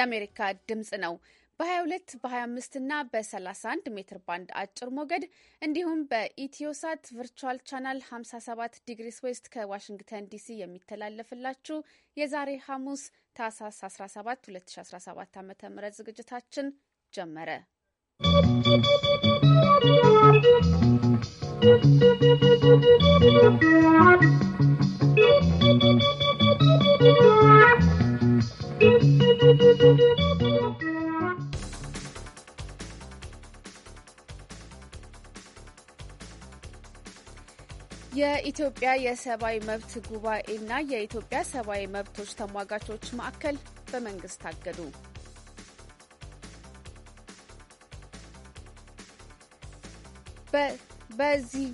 የአሜሪካ ድምፅ ነው። በ22 በ25 እና በ31 ሜትር ባንድ አጭር ሞገድ እንዲሁም በኢትዮሳት ቨርቹዋል ቻናል 57 ዲግሪስ ዌስት ከዋሽንግተን ዲሲ የሚተላለፍላችሁ የዛሬ ሐሙስ ታህሳስ 17 2017 ዓ.ም ዝግጅታችን ጀመረ። ¶¶ የኢትዮጵያ የሰብአዊ መብት ጉባኤና የኢትዮጵያ ሰብአዊ መብቶች ተሟጋቾች ማዕከል በመንግስት ታገዱ። በ በዚህ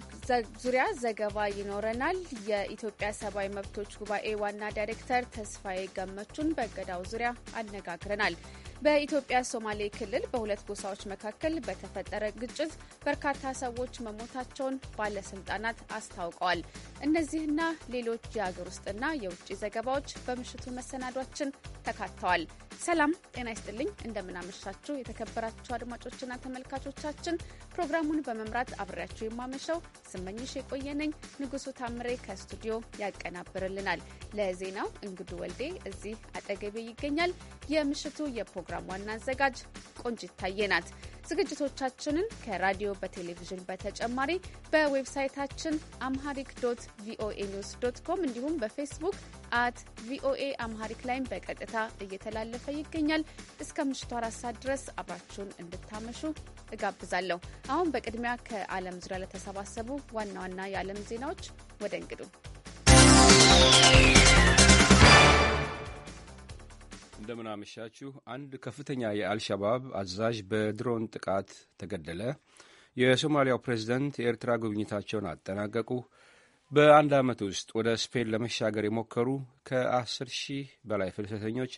ዙሪያ ዘገባ ይኖረናል። የኢትዮጵያ ሰብአዊ መብቶች ጉባኤ ዋና ዳይሬክተር ተስፋዬ ገመቹን በእገዳው ዙሪያ አነጋግረናል። በኢትዮጵያ ሶማሌ ክልል በሁለት ጎሳዎች መካከል በተፈጠረ ግጭት በርካታ ሰዎች መሞታቸውን ባለስልጣናት አስታውቀዋል። እነዚህና ሌሎች የሀገር ውስጥና የውጭ ዘገባዎች በምሽቱ መሰናዷችን ተካተዋል። ሰላም ጤና ይስጥልኝ። እንደምናመሻችሁ የተከበራችሁ አድማጮችና ተመልካቾቻችን፣ ፕሮግራሙን በመምራት አብሬያችሁ የማመሸው ስመኝሽ የቆየነኝ። ንጉሱ ታምሬ ከስቱዲዮ ያቀናብርልናል። ለዜናው እንግዱ ወልዴ እዚህ አጠገቤ ይገኛል። የምሽቱ የፕሮግራም ዋና አዘጋጅ ቆንጅ ይታየናት። ዝግጅቶቻችንን ከራዲዮ በቴሌቪዥን በተጨማሪ በዌብሳይታችን አምሃሪክ ዶት ቪኦኤ ኒውስ ዶት ኮም እንዲሁም በፌስቡክ አት ቪኦኤ አምሃሪክ ላይም በቀጥታ እየተላለፈ ይገኛል። እስከ ምሽቱ አራት ሰዓት ድረስ አብራችሁን እንድታመሹ እጋብዛለሁ። አሁን በቅድሚያ ከዓለም ዙሪያ ለተሰባሰቡ ዋና ዋና የዓለም ዜናዎች ወደ እንግዱ እንደምናመሻችሁ። አንድ ከፍተኛ የአልሻባብ አዛዥ በድሮን ጥቃት ተገደለ። የሶማሊያው ፕሬዚደንት የኤርትራ ጉብኝታቸውን አጠናቀቁ። በአንድ ዓመት ውስጥ ወደ ስፔን ለመሻገር የሞከሩ ከአስር ሺህ በላይ ፍልሰተኞች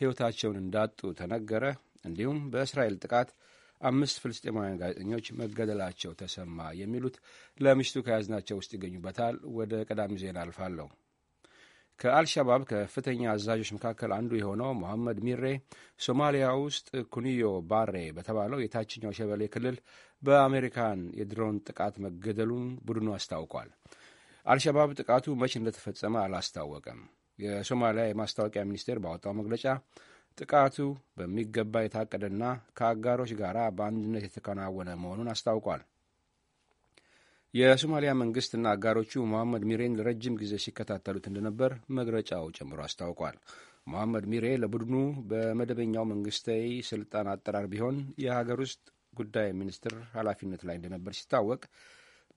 ሕይወታቸውን እንዳጡ ተነገረ። እንዲሁም በእስራኤል ጥቃት አምስት ፍልስጤማውያን ጋዜጠኞች መገደላቸው ተሰማ። የሚሉት ለምሽቱ ከያዝናቸው ውስጥ ይገኙበታል። ወደ ቀዳሚ ዜና አልፋለሁ። ከአልሻባብ ከፍተኛ አዛዦች መካከል አንዱ የሆነው መሐመድ ሚሬ ሶማሊያ ውስጥ ኩኒዮ ባሬ በተባለው የታችኛው ሸበሌ ክልል በአሜሪካን የድሮን ጥቃት መገደሉን ቡድኑ አስታውቋል። አልሸባብ ጥቃቱ መቼ እንደተፈጸመ አላስታወቀም። የሶማሊያ የማስታወቂያ ሚኒስቴር ባወጣው መግለጫ ጥቃቱ በሚገባ የታቀደና ከአጋሮች ጋር በአንድነት የተከናወነ መሆኑን አስታውቋል። የሶማሊያ መንግስትና አጋሮቹ መሐመድ ሚሬን ለረጅም ጊዜ ሲከታተሉት እንደነበር መግለጫው ጨምሮ አስታውቋል። መሐመድ ሚሬ ለቡድኑ በመደበኛው መንግስታዊ ስልጣን አጠራር ቢሆን የሀገር ውስጥ ጉዳይ ሚኒስትር ኃላፊነት ላይ እንደነበር ሲታወቅ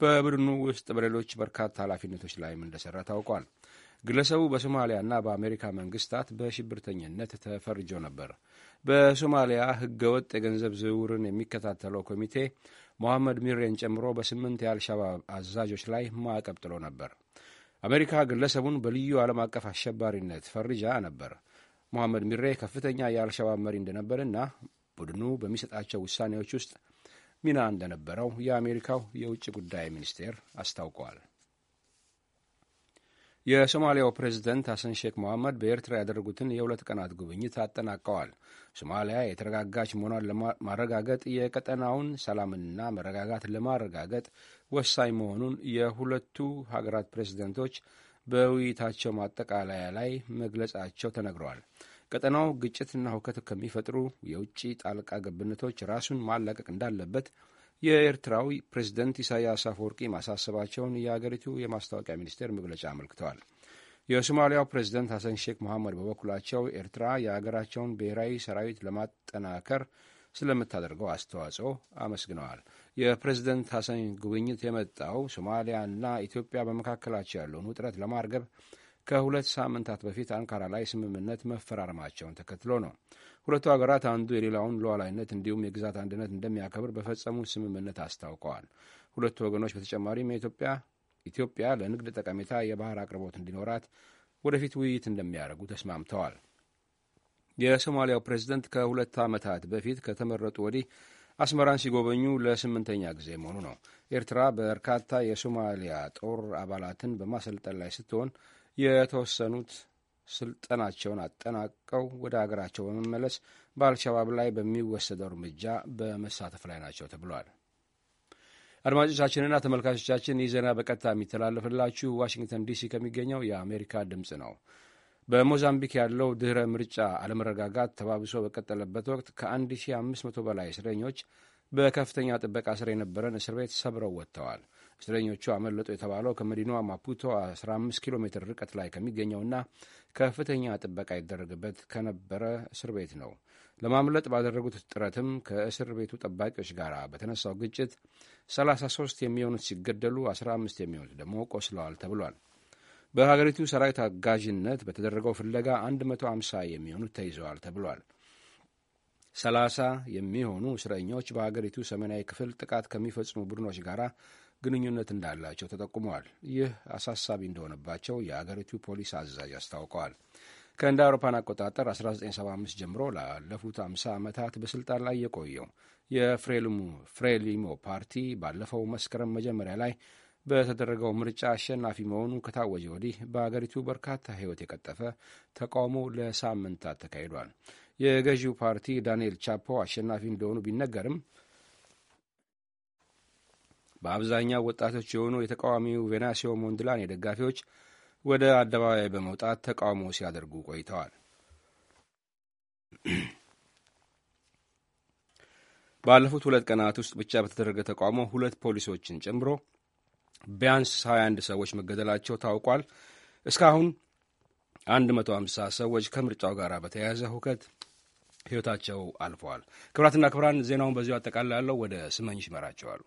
በቡድኑ ውስጥ በሌሎች በርካታ ኃላፊነቶች ላይም እንደሠራ ታውቋል። ግለሰቡ በሶማሊያና በአሜሪካ መንግስታት በሽብርተኝነት ተፈርጆ ነበር። በሶማሊያ ህገወጥ የገንዘብ ዝውውርን የሚከታተለው ኮሚቴ ሞሐመድ ሚሬን ጨምሮ በስምንት የአልሻባብ አዛዦች ላይ ማዕቀብ ጥሎ ነበር። አሜሪካ ግለሰቡን በልዩ ዓለም አቀፍ አሸባሪነት ፈርጃ ነበር። ሞሐመድ ሚሬ ከፍተኛ የአልሻባብ መሪ እንደነበርና ቡድኑ በሚሰጣቸው ውሳኔዎች ውስጥ ሚና እንደነበረው የአሜሪካው የውጭ ጉዳይ ሚኒስቴር አስታውቋል። የሶማሊያው ፕሬዚደንት ሐሰን ሼክ መሐመድ በኤርትራ ያደረጉትን የሁለት ቀናት ጉብኝት አጠናቀዋል። ሶማሊያ የተረጋጋች መሆኗን ለማረጋገጥ የቀጠናውን ሰላምና መረጋጋት ለማረጋገጥ ወሳኝ መሆኑን የሁለቱ ሀገራት ፕሬዚደንቶች በውይይታቸው ማጠቃለያ ላይ መግለጻቸው ተነግረዋል። ቀጠናው ግጭትና ሁከት ከሚፈጥሩ የውጭ ጣልቃ ገብነቶች ራሱን ማላቀቅ እንዳለበት የኤርትራዊ ፕሬዝደንት ኢሳያስ አፈወርቂ ማሳሰባቸውን የአገሪቱ የማስታወቂያ ሚኒስቴር መግለጫ አመልክተዋል። የሶማሊያው ፕሬዝደንት ሐሰን ሼክ መሐመድ በበኩላቸው ኤርትራ የአገራቸውን ብሔራዊ ሰራዊት ለማጠናከር ስለምታደርገው አስተዋጽኦ አመስግነዋል። የፕሬዝደንት ሐሰን ጉብኝት የመጣው ሶማሊያና ኢትዮጵያ በመካከላቸው ያለውን ውጥረት ለማርገብ ከሁለት ሳምንታት በፊት አንካራ ላይ ስምምነት መፈራረማቸውን ተከትሎ ነው። ሁለቱ ሀገራት አንዱ የሌላውን ሉዓላዊነት እንዲሁም የግዛት አንድነት እንደሚያከብር በፈጸሙት ስምምነት አስታውቀዋል። ሁለቱ ወገኖች በተጨማሪም የኢትዮጵያ ኢትዮጵያ ለንግድ ጠቀሜታ የባህር አቅርቦት እንዲኖራት ወደፊት ውይይት እንደሚያደርጉ ተስማምተዋል። የሶማሊያው ፕሬዝደንት ከሁለት ዓመታት በፊት ከተመረጡ ወዲህ አስመራን ሲጎበኙ ለስምንተኛ ጊዜ መሆኑ ነው። ኤርትራ በርካታ የሶማሊያ ጦር አባላትን በማሰልጠን ላይ ስትሆን የተወሰኑት ስልጠናቸውን አጠናቀው ወደ አገራቸው በመመለስ በአልሸባብ ላይ በሚወሰደው እርምጃ በመሳተፍ ላይ ናቸው ተብሏል። አድማጮቻችንና ተመልካቾቻችን ይህ ዜና በቀጥታ የሚተላለፍላችሁ ዋሽንግተን ዲሲ ከሚገኘው የአሜሪካ ድምፅ ነው። በሞዛምቢክ ያለው ድህረ ምርጫ አለመረጋጋት ተባብሶ በቀጠለበት ወቅት ከ1500 በላይ እስረኞች በከፍተኛ ጥበቃ ስር የነበረን እስር ቤት ሰብረው ወጥተዋል። እስረኞቹ አመለጡ የተባለው ከመዲናዋ ማፑቶ 15 ኪሎ ሜትር ርቀት ላይ ከሚገኘውና ከፍተኛ ጥበቃ ይደረግበት ከነበረ እስር ቤት ነው። ለማምለጥ ባደረጉት ጥረትም ከእስር ቤቱ ጠባቂዎች ጋር በተነሳው ግጭት 33 የሚሆኑት ሲገደሉ 15 የሚሆኑት ደግሞ ቆስለዋል ተብሏል። በሀገሪቱ ሰራዊት አጋዥነት በተደረገው ፍለጋ 150 የሚሆኑት ተይዘዋል ተብሏል። 30 የሚሆኑ እስረኞች በሀገሪቱ ሰሜናዊ ክፍል ጥቃት ከሚፈጽሙ ቡድኖች ጋር ግንኙነት እንዳላቸው ተጠቁመዋል። ይህ አሳሳቢ እንደሆነባቸው የአገሪቱ ፖሊስ አዛዥ አስታውቀዋል። ከእንደ አውሮፓን አቆጣጠር 1975 ጀምሮ ላለፉት 50 ዓመታት በስልጣን ላይ የቆየው ፍሬሊሞ ፓርቲ ባለፈው መስከረም መጀመሪያ ላይ በተደረገው ምርጫ አሸናፊ መሆኑ ከታወጀ ወዲህ በአገሪቱ በርካታ ሕይወት የቀጠፈ ተቃውሞ ለሳምንታት ተካሂዷል። የገዢው ፓርቲ ዳንኤል ቻፖ አሸናፊ እንደሆኑ ቢነገርም በአብዛኛው ወጣቶች የሆኑ የተቃዋሚው ቬናሲዮ ሞንድላኔ ደጋፊዎች ወደ አደባባይ በመውጣት ተቃውሞ ሲያደርጉ ቆይተዋል። ባለፉት ሁለት ቀናት ውስጥ ብቻ በተደረገ ተቃውሞ ሁለት ፖሊሶችን ጨምሮ ቢያንስ 21 ሰዎች መገደላቸው ታውቋል። እስካሁን 150 ሰዎች ከምርጫው ጋር በተያያዘ ሁከት ሕይወታቸው አልፈዋል። ክብራትና ክብራን ዜናውን በዚሁ አጠቃላይ ወደ ስመኝሽ ይመራቸዋሉ።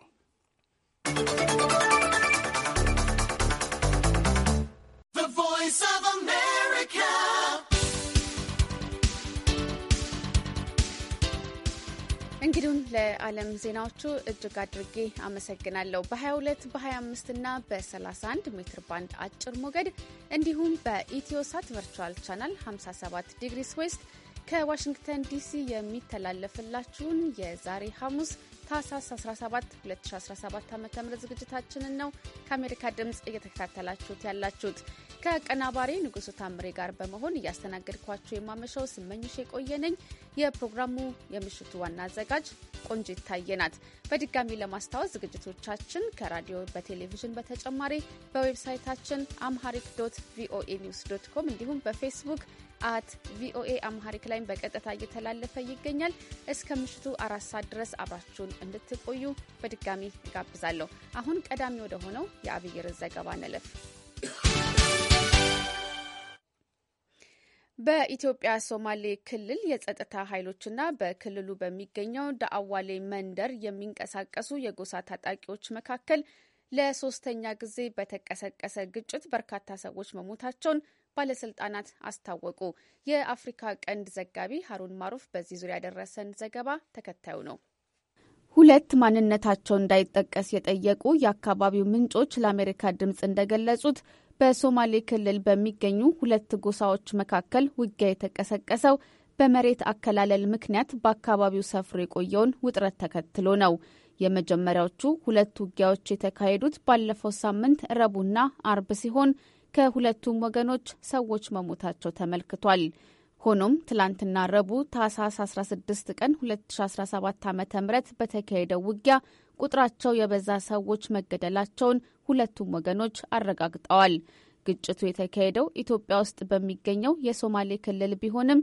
እንግዲሁም ለዓለም ዜናዎቹ እጅግ አድርጌ አመሰግናለሁ። በ22 በ25 እና በ31 ሜትር ባንድ አጭር ሞገድ እንዲሁም በኢትዮሳት ቨርቹዋል ቻናል 57 ዲግሪስ ዌስት ከዋሽንግተን ዲሲ የሚተላለፍላችሁን የዛሬ ሐሙስ ታህሳስ 17 2017 ዓ ም ዝግጅታችንን ነው ከአሜሪካ ድምፅ እየተከታተላችሁት ያላችሁት። ከአቀናባሪ ንጉሱ ታምሬ ጋር በመሆን እያስተናገድኳችሁ የማመሻው ስመኝሽ የቆየነኝ። የፕሮግራሙ የምሽቱ ዋና አዘጋጅ ቆንጆ ይታየናት። በድጋሚ ለማስታወስ ዝግጅቶቻችን ከራዲዮ በቴሌቪዥን በተጨማሪ በዌብሳይታችን አምሃሪክ ዶት ቪኦኤ ኒውስ ዶት ኮም እንዲሁም በፌስቡክ አት ቪኦኤ አምሃሪክ ላይም በቀጥታ እየተላለፈ ይገኛል። እስከ ምሽቱ አራት ሰዓት ድረስ አብራችሁን እንድትቆዩ በድጋሚ እጋብዛለሁ። አሁን ቀዳሚ ወደ ሆነው የአብይር ዘገባ እንለፍ። በኢትዮጵያ ሶማሌ ክልል የጸጥታ ኃይሎችና በክልሉ በሚገኘው ዳአዋሌ መንደር የሚንቀሳቀሱ የጎሳ ታጣቂዎች መካከል ለሶስተኛ ጊዜ በተቀሰቀሰ ግጭት በርካታ ሰዎች መሞታቸውን ባለስልጣናት አስታወቁ። የአፍሪካ ቀንድ ዘጋቢ ሀሩን ማሩፍ በዚህ ዙሪያ ያደረሰን ዘገባ ተከታዩ ነው። ሁለት ማንነታቸው እንዳይጠቀስ የጠየቁ የአካባቢው ምንጮች ለአሜሪካ ድምፅ እንደገለጹት በሶማሌ ክልል በሚገኙ ሁለት ጎሳዎች መካከል ውጊያ የተቀሰቀሰው በመሬት አከላለል ምክንያት በአካባቢው ሰፍሮ የቆየውን ውጥረት ተከትሎ ነው። የመጀመሪያዎቹ ሁለት ውጊያዎች የተካሄዱት ባለፈው ሳምንት ረቡና አርብ ሲሆን ከሁለቱም ወገኖች ሰዎች መሞታቸው ተመልክቷል። ሆኖም ትላንትና ረቡዕ ታህሳስ 16 ቀን 2017 ዓ ም በተካሄደው ውጊያ ቁጥራቸው የበዛ ሰዎች መገደላቸውን ሁለቱም ወገኖች አረጋግጠዋል። ግጭቱ የተካሄደው ኢትዮጵያ ውስጥ በሚገኘው የሶማሌ ክልል ቢሆንም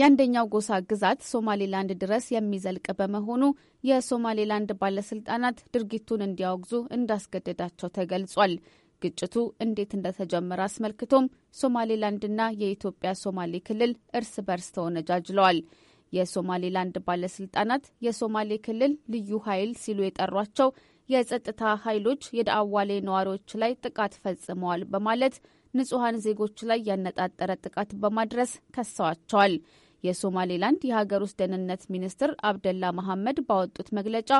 የአንደኛው ጎሳ ግዛት ሶማሌላንድ ድረስ የሚዘልቅ በመሆኑ የሶማሌላንድ ባለስልጣናት ድርጊቱን እንዲያወግዙ እንዳስገደዳቸው ተገልጿል። ግጭቱ እንዴት እንደተጀመረ አስመልክቶም ሶማሌላንድና የኢትዮጵያ ሶማሌ ክልል እርስ በርስ ተወነጃጅለዋል። የሶማሌላንድ ባለስልጣናት የሶማሌ ክልል ልዩ ኃይል ሲሉ የጠሯቸው የጸጥታ ኃይሎች የደአዋሌ ነዋሪዎች ላይ ጥቃት ፈጽመዋል በማለት ንጹሐን ዜጎች ላይ ያነጣጠረ ጥቃት በማድረስ ከሰዋቸዋል። የሶማሌላንድ የሀገር ውስጥ ደህንነት ሚኒስትር አብደላ መሐመድ ባወጡት መግለጫ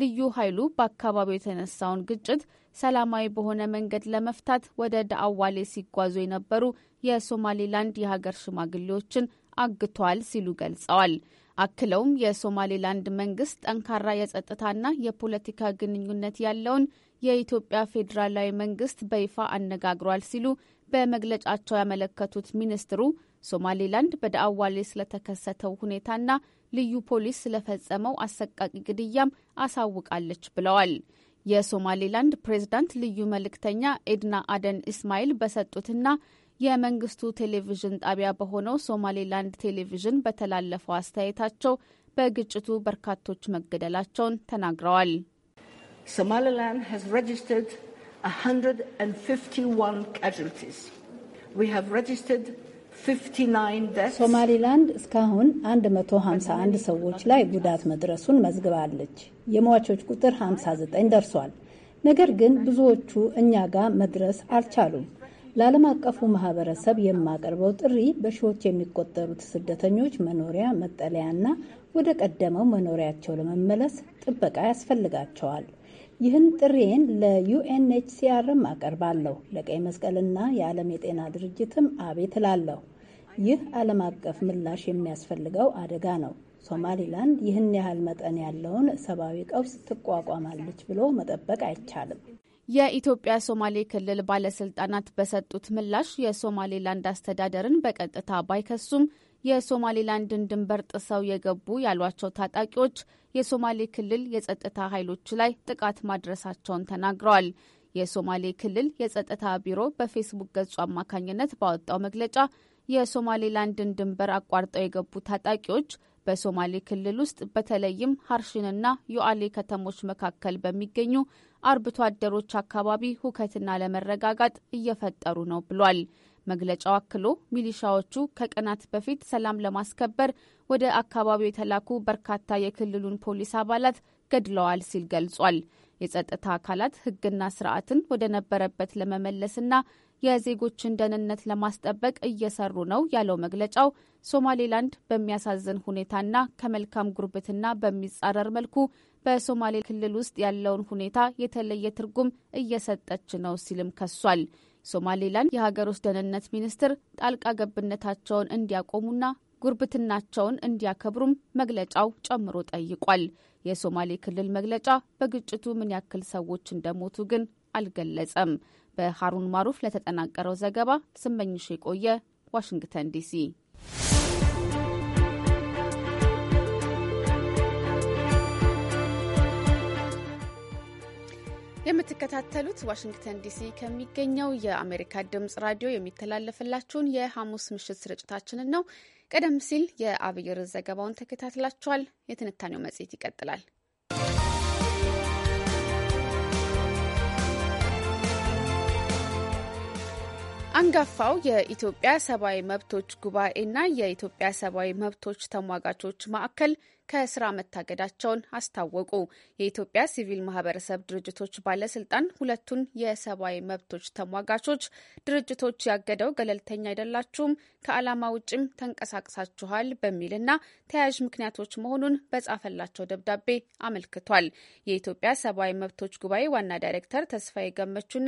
ልዩ ኃይሉ በአካባቢው የተነሳውን ግጭት ሰላማዊ በሆነ መንገድ ለመፍታት ወደ ዳአዋሌ ሲጓዙ የነበሩ የሶማሌላንድ የሀገር ሽማግሌዎችን አግቷል ሲሉ ገልጸዋል። አክለውም የሶማሌላንድ መንግስት ጠንካራ የጸጥታና የፖለቲካ ግንኙነት ያለውን የኢትዮጵያ ፌዴራላዊ መንግስት በይፋ አነጋግሯል ሲሉ በመግለጫቸው ያመለከቱት ሚኒስትሩ ሶማሌላንድ በዳአዋሌ ስለተከሰተው ሁኔታና ልዩ ፖሊስ ስለፈጸመው አሰቃቂ ግድያም አሳውቃለች ብለዋል። የሶማሌላንድ ፕሬዝዳንት ልዩ መልእክተኛ ኤድና አደን ኢስማኤል በሰጡትና የመንግስቱ ቴሌቪዥን ጣቢያ በሆነው ሶማሌላንድ ቴሌቪዥን በተላለፈው አስተያየታቸው በግጭቱ በርካቶች መገደላቸውን ተናግረዋል። ሶማሌላንድ has registered 151 casualties. We have registered ሶማሊላንድ እስካሁን 151 ሰዎች ላይ ጉዳት መድረሱን መዝግባለች። የሟቾች ቁጥር 59 ደርሷል። ነገር ግን ብዙዎቹ እኛ ጋር መድረስ አልቻሉም። ለዓለም አቀፉ ማህበረሰብ የማቀርበው ጥሪ በሺዎች የሚቆጠሩት ስደተኞች መኖሪያ መጠለያና ወደ ቀደመው መኖሪያቸው ለመመለስ ጥበቃ ያስፈልጋቸዋል። ይህን ጥሪዬን ለዩኤንኤችሲአርም አቀርባለሁ። ለቀይ መስቀልና የዓለም የጤና ድርጅትም አቤት እላለሁ። ይህ ዓለም አቀፍ ምላሽ የሚያስፈልገው አደጋ ነው። ሶማሊላንድ ይህን ያህል መጠን ያለውን ሰብአዊ ቀውስ ትቋቋማለች ብሎ መጠበቅ አይቻልም። የኢትዮጵያ ሶማሌ ክልል ባለስልጣናት በሰጡት ምላሽ የሶማሌላንድ አስተዳደርን በቀጥታ ባይከሱም የሶማሌላንድን ድንበር ጥሰው የገቡ ያሏቸው ታጣቂዎች የሶማሌ ክልል የጸጥታ ኃይሎች ላይ ጥቃት ማድረሳቸውን ተናግረዋል። የሶማሌ ክልል የጸጥታ ቢሮ በፌስቡክ ገጹ አማካኝነት ባወጣው መግለጫ የሶማሌላንድን ድንበር አቋርጠው የገቡ ታጣቂዎች በሶማሌ ክልል ውስጥ በተለይም ሀርሽንና ዩአሌ ከተሞች መካከል በሚገኙ አርብቶ አደሮች አካባቢ ሁከትና ለመረጋጋት እየፈጠሩ ነው ብሏል። መግለጫው አክሎ ሚሊሻዎቹ ከቀናት በፊት ሰላም ለማስከበር ወደ አካባቢው የተላኩ በርካታ የክልሉን ፖሊስ አባላት ገድለዋል ሲል ገልጿል። የጸጥታ አካላት ሕግና ስርዓትን ወደ ነበረበት ለመመለስና የዜጎችን ደህንነት ለማስጠበቅ እየሰሩ ነው ያለው መግለጫው ሶማሌላንድ በሚያሳዝን ሁኔታና ከመልካም ጉርብትና በሚጻረር መልኩ በሶማሌ ክልል ውስጥ ያለውን ሁኔታ የተለየ ትርጉም እየሰጠች ነው ሲልም ከሷል። ሶማሌላንድ የሀገር ውስጥ ደህንነት ሚኒስትር ጣልቃ ገብነታቸውን እንዲያቆሙና ጉርብትናቸውን እንዲያከብሩም መግለጫው ጨምሮ ጠይቋል። የሶማሌ ክልል መግለጫ በግጭቱ ምን ያክል ሰዎች እንደሞቱ ግን አልገለጸም። በሀሩን ማሩፍ ለተጠናቀረው ዘገባ ስመኝሽ የቆየ ዋሽንግተን ዲሲ የምትከታተሉት ዋሽንግተን ዲሲ ከሚገኘው የአሜሪካ ድምጽ ራዲዮ የሚተላለፍላችሁን የሐሙስ ምሽት ስርጭታችንን ነው። ቀደም ሲል የአብይ ርዕስ ዘገባውን ተከታትላችኋል። የትንታኔው መጽሔት ይቀጥላል። አንጋፋው የኢትዮጵያ ሰብአዊ መብቶች ጉባኤና የኢትዮጵያ ሰብአዊ መብቶች ተሟጋቾች ማዕከል ከስራ መታገዳቸውን አስታወቁ። የኢትዮጵያ ሲቪል ማህበረሰብ ድርጅቶች ባለስልጣን ሁለቱን የሰብአዊ መብቶች ተሟጋቾች ድርጅቶች ያገደው ገለልተኛ አይደላችሁም፣ ከዓላማ ውጭም ተንቀሳቅሳችኋል በሚልና ተያያዥ ምክንያቶች መሆኑን በጻፈላቸው ደብዳቤ አመልክቷል። የኢትዮጵያ ሰብአዊ መብቶች ጉባኤ ዋና ዳይሬክተር ተስፋዬ ገመቹና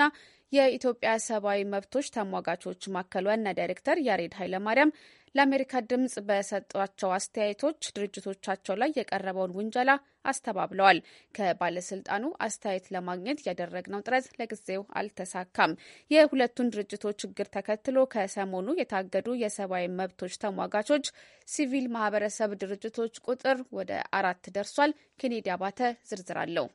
የኢትዮጵያ ሰብአዊ መብቶች ተሟጋቾች ማዕከል ዋና ዳይሬክተር ያሬድ ኃይለማርያም ለአሜሪካ ድምጽ በሰጧቸው አስተያየቶች ድርጅቶቻቸው ላይ የቀረበውን ውንጀላ አስተባብለዋል። ከባለስልጣኑ አስተያየት ለማግኘት ያደረግነው ጥረት ለጊዜው አልተሳካም። የሁለቱን ድርጅቶች ችግር ተከትሎ ከሰሞኑ የታገዱ የሰብአዊ መብቶች ተሟጋቾች ሲቪል ማህበረሰብ ድርጅቶች ቁጥር ወደ አራት ደርሷል። ኬኔዲ አባተ ዝርዝር አለው።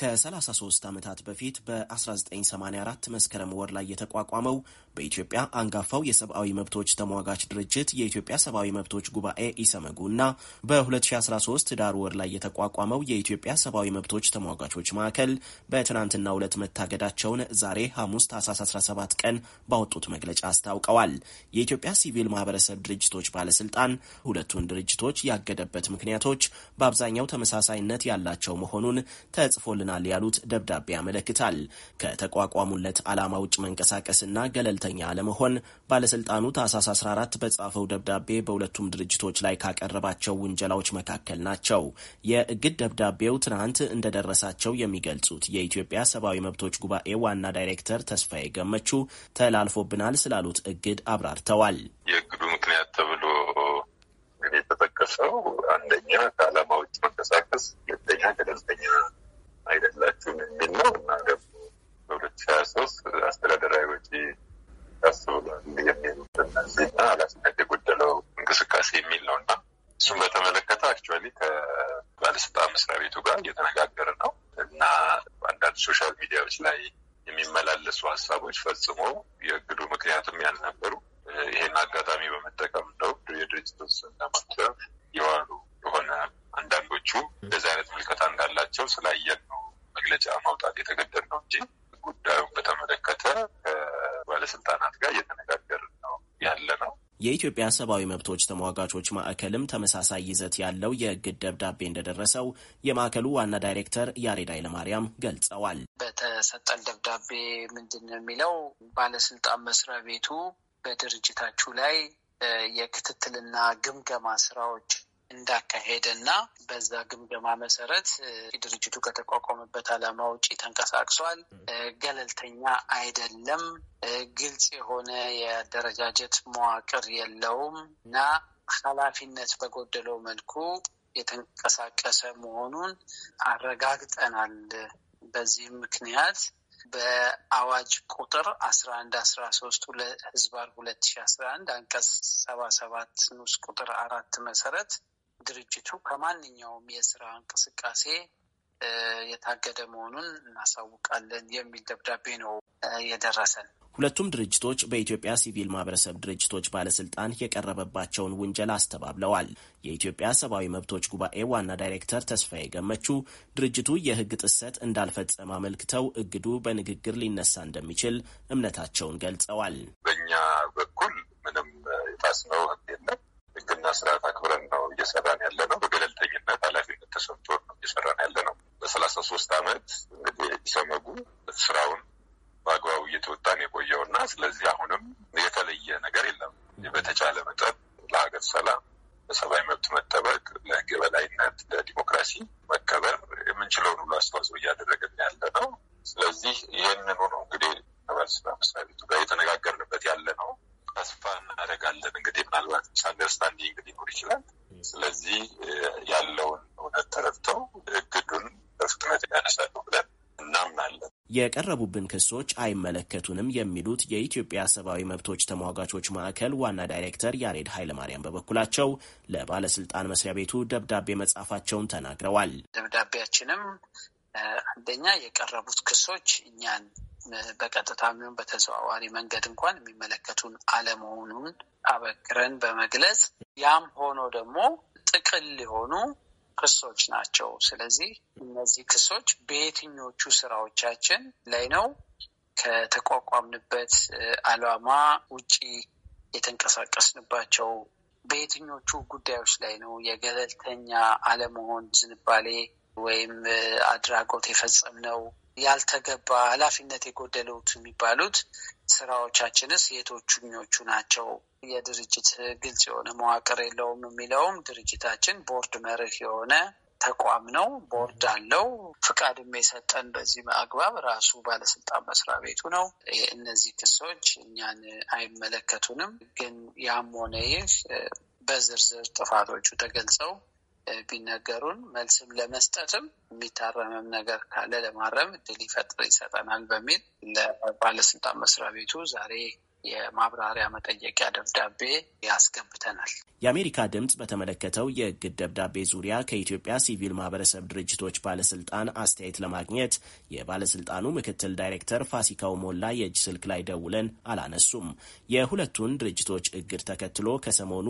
ከ33 ዓመታት በፊት በ1984 መስከረም ወር ላይ የተቋቋመው በኢትዮጵያ አንጋፋው የሰብአዊ መብቶች ተሟጋች ድርጅት የኢትዮጵያ ሰብአዊ መብቶች ጉባኤ ኢሰመጉ እና በ2013 ዳር ወር ላይ የተቋቋመው የኢትዮጵያ ሰብአዊ መብቶች ተሟጋቾች ማዕከል በትናንትና ሁለት መታገዳቸውን ዛሬ ሐሙስ ታህሳስ 17 ቀን ባወጡት መግለጫ አስታውቀዋል። የኢትዮጵያ ሲቪል ማህበረሰብ ድርጅቶች ባለስልጣን ሁለቱን ድርጅቶች ያገደበት ምክንያቶች በአብዛኛው ተመሳሳይነት ያላቸው መሆኑን ተጽፎልናል ተገድደናል ያሉት ደብዳቤ ያመለክታል። ከተቋቋሙለት ዓላማ ውጭ መንቀሳቀስና ገለልተኛ አለመሆን ባለስልጣኑ ታህሳስ 14 በጻፈው ደብዳቤ በሁለቱም ድርጅቶች ላይ ካቀረባቸው ውንጀላዎች መካከል ናቸው። የእግድ ደብዳቤው ትናንት እንደደረሳቸው የሚገልጹት የኢትዮጵያ ሰብአዊ መብቶች ጉባኤ ዋና ዳይሬክተር ተስፋዬ ገመቹ ተላልፎብናል ስላሉት እግድ አብራርተዋል። የእግዱ ምክንያት ተብሎ የተጠቀሰው አንደኛ ከዓላማ ውጭ መንቀሳቀስ፣ ሁለተኛ ገለልተኛ አይደላችሁም የሚል ነው እና ደግሞ በሁለት ሺ ሀያ ሶስት አስተዳደራዊ ወጪ ያስብሏል የሚል እነዚህና ኃላፊነት የጎደለው እንቅስቃሴ የሚል ነው እና እሱም በተመለከተ አክቹዋሊ ከባለስልጣን መስሪያ ቤቱ ጋር እየተነጋገረ ነው እና አንዳንድ ሶሻል ሚዲያዎች ላይ የሚመላለሱ ሀሳቦች ፈጽሞ የእግዱ ምክንያቱም ያልነበሩ ይሄን አጋጣሚ በመጠቀም እንደው የድርጅቱን ስም ለማጥፋት የዋሉ የሆነ አንዳንዶቹ እንደዚህ አይነት ምልከታ እንዳላቸው ስላየን ነው መግለጫ ማውጣት የተገደድ ነው እንጂ ጉዳዩን በተመለከተ ከባለስልጣናት ጋር እየተነጋገርን ነው ያለ ነው። የኢትዮጵያ ሰብአዊ መብቶች ተሟጋቾች ማዕከልም ተመሳሳይ ይዘት ያለው የእግድ ደብዳቤ እንደደረሰው የማዕከሉ ዋና ዳይሬክተር ያሬድ ኃይለማርያም ገልጸዋል። በተሰጠን ደብዳቤ ምንድን ነው የሚለው ባለስልጣን መስሪያ ቤቱ በድርጅታችሁ ላይ የክትትልና ግምገማ ስራዎች እንዳካሄደና በዛ ግምገማ መሰረት ድርጅቱ ከተቋቋመበት ዓላማ ውጪ ተንቀሳቅሷል፣ ገለልተኛ አይደለም፣ ግልጽ የሆነ የአደረጃጀት መዋቅር የለውም እና ኃላፊነት በጎደለው መልኩ የተንቀሳቀሰ መሆኑን አረጋግጠናል። በዚህም ምክንያት በአዋጅ ቁጥር አስራ አንድ አስራ ሶስት ህዝባር ሁለት ሺ አስራ አንድ አንቀጽ ሰባ ሰባት ንዑስ ቁጥር አራት መሰረት ድርጅቱ ከማንኛውም የስራ እንቅስቃሴ የታገደ መሆኑን እናሳውቃለን የሚል ደብዳቤ ነው የደረሰን። ሁለቱም ድርጅቶች በኢትዮጵያ ሲቪል ማህበረሰብ ድርጅቶች ባለስልጣን የቀረበባቸውን ውንጀላ አስተባብለዋል። የኢትዮጵያ ሰብአዊ መብቶች ጉባኤ ዋና ዳይሬክተር ተስፋዬ ገመቹ ድርጅቱ የሕግ ጥሰት እንዳልፈጸመ አመልክተው እግዱ በንግግር ሊነሳ እንደሚችል እምነታቸውን ገልጸዋል። በእኛ በኩል ምንም የጣስነው ሕግ የለም ህግና ስርዓት አክብረን ነው እየሰራን ያለ ነው። በገለልተኝነት ኃላፊነት ተሰምቶ ነው እየሰራን ያለ ነው። በሰላሳ ሶስት አመት እንግዲህ ሰመጉ ስራውን በአግባቡ እየተወጣን የቆየው እና ስለዚህ አሁንም የተለየ ነገር የለም። በተቻለ መጠን ለሀገር ሰላም፣ ለሰብአዊ መብት መጠበቅ፣ ለህግ የበላይነት፣ ለዲሞክራሲ መከበር የምንችለውን ሁሉ አስተዋጽኦ እያደረግን ያለ ነው። ስለዚህ ይህንኑ ነው እንግዲህ ከባል መስሪያ ቤቱ ጋር የተነጋገርንበት ያለ ነው። ተስፋ እናደርጋለን። እንግዲህ ምናልባት አንደርስታንዲንግ ሊኖር ይችላል። ስለዚህ ያለውን እውነት ተረድተው እግዱን በፍጥነት ያነሳሉ ብለን የቀረቡብን ክሶች አይመለከቱንም የሚሉት የኢትዮጵያ ሰብአዊ መብቶች ተሟጋቾች ማዕከል ዋና ዳይሬክተር ያሬድ ኃይለማርያም በበኩላቸው ለባለስልጣን መስሪያ ቤቱ ደብዳቤ መጻፋቸውን ተናግረዋል። ደብዳቤያችንም አንደኛ የቀረቡት ክሶች እኛን በቀጥታ የሚሆን በተዘዋዋሪ መንገድ እንኳን የሚመለከቱን አለመሆኑን አበክረን በመግለጽ ያም ሆኖ ደግሞ ጥቅል የሆኑ ክሶች ናቸው። ስለዚህ እነዚህ ክሶች በየትኞቹ ስራዎቻችን ላይ ነው ከተቋቋምንበት አላማ ውጪ የተንቀሳቀስንባቸው በየትኞቹ ጉዳዮች ላይ ነው የገለልተኛ አለመሆን ዝንባሌ ወይም አድራጎት የፈጸምነው ያልተገባ ኃላፊነት የጎደሉት የሚባሉት ስራዎቻችንስ የቶቹኞቹ ናቸው? የድርጅት ግልጽ የሆነ መዋቅር የለውም የሚለውም ድርጅታችን ቦርድ መርህ የሆነ ተቋም ነው። ቦርድ አለው። ፍቃድም የሰጠን በዚህ አግባብ ራሱ ባለስልጣን መስሪያ ቤቱ ነው። እነዚህ ክሶች እኛን አይመለከቱንም። ግን ያም ሆነ ይህ በዝርዝር ጥፋቶቹ ተገልጸው ቢነገሩን መልስም ለመስጠትም የሚታረምም ነገር ካለ ለማረም እድል ይፈጥር ይሰጠናል በሚል ለባለስልጣን መስሪያ ቤቱ ዛሬ የማብራሪያ መጠየቂያ ደብዳቤ ያስገብተናል። የአሜሪካ ድምፅ በተመለከተው የእግድ ደብዳቤ ዙሪያ ከኢትዮጵያ ሲቪል ማህበረሰብ ድርጅቶች ባለስልጣን አስተያየት ለማግኘት የባለስልጣኑ ምክትል ዳይሬክተር ፋሲካው ሞላ የእጅ ስልክ ላይ ደውለን አላነሱም። የሁለቱን ድርጅቶች እግድ ተከትሎ ከሰሞኑ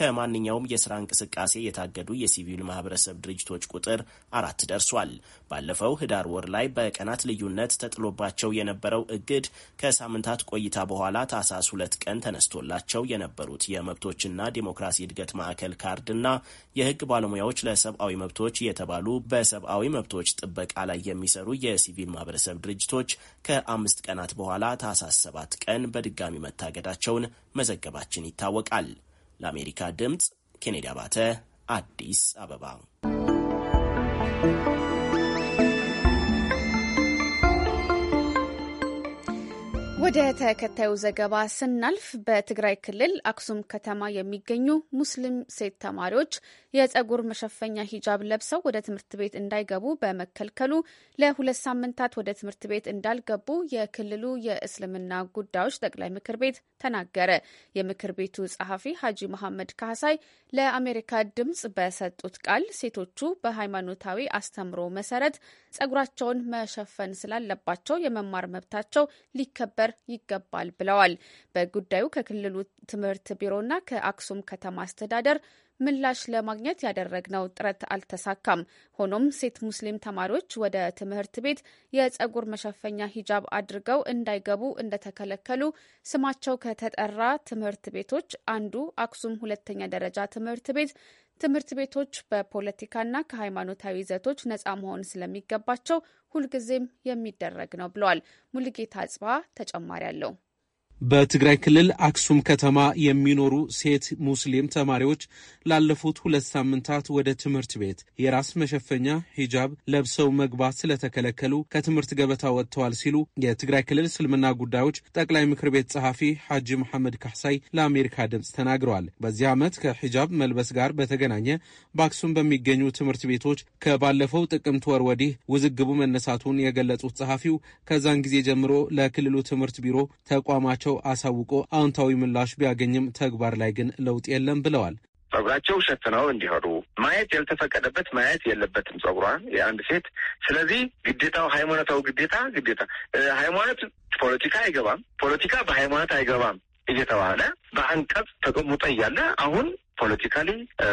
ከማንኛውም የስራ እንቅስቃሴ የታገዱ የሲቪል ማህበረሰብ ድርጅቶች ቁጥር አራት ደርሷል። ባለፈው ህዳር ወር ላይ በቀናት ልዩነት ተጥሎባቸው የነበረው እግድ ከሳምንታት ቆይታ በኋላ ታህሳስ ሁለት ቀን ተነስቶላቸው የነበሩት የመብቶችና ዴሞክራሲ እድገት ማዕከል ካርድና የህግ ባለሙያዎች ለሰብአዊ መብቶች የተባሉ በሰብአዊ መብቶች ጥበቃ ላይ የሚሰሩ የሲቪል ማህበረሰብ ድርጅቶች ከአምስት ቀናት በኋላ ታህሳስ ሰባት ቀን በድጋሚ መታገዳቸውን መዘገባችን ይታወቃል። ለአሜሪካ ድምፅ ኬኔዲ አባተ አዲስ አበባ ወደ ተከታዩ ዘገባ ስናልፍ በትግራይ ክልል አክሱም ከተማ የሚገኙ ሙስሊም ሴት ተማሪዎች የጸጉር መሸፈኛ ሂጃብ ለብሰው ወደ ትምህርት ቤት እንዳይገቡ በመከልከሉ ለሁለት ሳምንታት ወደ ትምህርት ቤት እንዳልገቡ የክልሉ የእስልምና ጉዳዮች ጠቅላይ ምክር ቤት ተናገረ። የምክር ቤቱ ጸሐፊ ሀጂ መሐመድ ካህሳይ ለአሜሪካ ድምጽ በሰጡት ቃል ሴቶቹ በሃይማኖታዊ አስተምሮ መሰረት ጸጉራቸውን መሸፈን ስላለባቸው የመማር መብታቸው ሊከበር ይገባል ብለዋል። በጉዳዩ ከክልሉ ትምህርት ቢሮና ከአክሱም ከተማ አስተዳደር ምላሽ ለማግኘት ያደረግነው ጥረት አልተሳካም። ሆኖም ሴት ሙስሊም ተማሪዎች ወደ ትምህርት ቤት የጸጉር መሸፈኛ ሂጃብ አድርገው እንዳይገቡ እንደተከለከሉ ስማቸው ከተጠራ ትምህርት ቤቶች አንዱ አክሱም ሁለተኛ ደረጃ ትምህርት ቤት ትምህርት ቤቶች በፖለቲካና ከሃይማኖታዊ ይዘቶች ነጻ መሆን ስለሚገባቸው ሁልጊዜም የሚደረግ ነው ብለዋል። ሙልጌታ ጽባ ተጨማሪ አለው። በትግራይ ክልል አክሱም ከተማ የሚኖሩ ሴት ሙስሊም ተማሪዎች ላለፉት ሁለት ሳምንታት ወደ ትምህርት ቤት የራስ መሸፈኛ ሂጃብ ለብሰው መግባት ስለተከለከሉ ከትምህርት ገበታ ወጥተዋል ሲሉ የትግራይ ክልል እስልምና ጉዳዮች ጠቅላይ ምክር ቤት ጸሐፊ ሐጂ መሐመድ ካሕሳይ ለአሜሪካ ድምፅ ተናግረዋል። በዚህ ዓመት ከሂጃብ መልበስ ጋር በተገናኘ በአክሱም በሚገኙ ትምህርት ቤቶች ከባለፈው ጥቅምት ወር ወዲህ ውዝግቡ መነሳቱን የገለጹት ጸሐፊው ከዛን ጊዜ ጀምሮ ለክልሉ ትምህርት ቢሮ ተቋማቸው እንደሚኖራቸው አሳውቆ አዎንታዊ ምላሽ ቢያገኝም ተግባር ላይ ግን ለውጥ የለም ብለዋል። ጸጉራቸው ሸትነው እንዲሄዱ ማየት ያልተፈቀደበት ማየት የለበትም ጸጉሯን የአንድ ሴት። ስለዚህ ግዴታው ሃይማኖታዊ ግዴታ ግዴታ ሃይማኖት ፖለቲካ አይገባም፣ ፖለቲካ በሃይማኖት አይገባም እየተባለ በአንቀጽ ተቀምጦ እያለ አሁን ፖለቲካሊ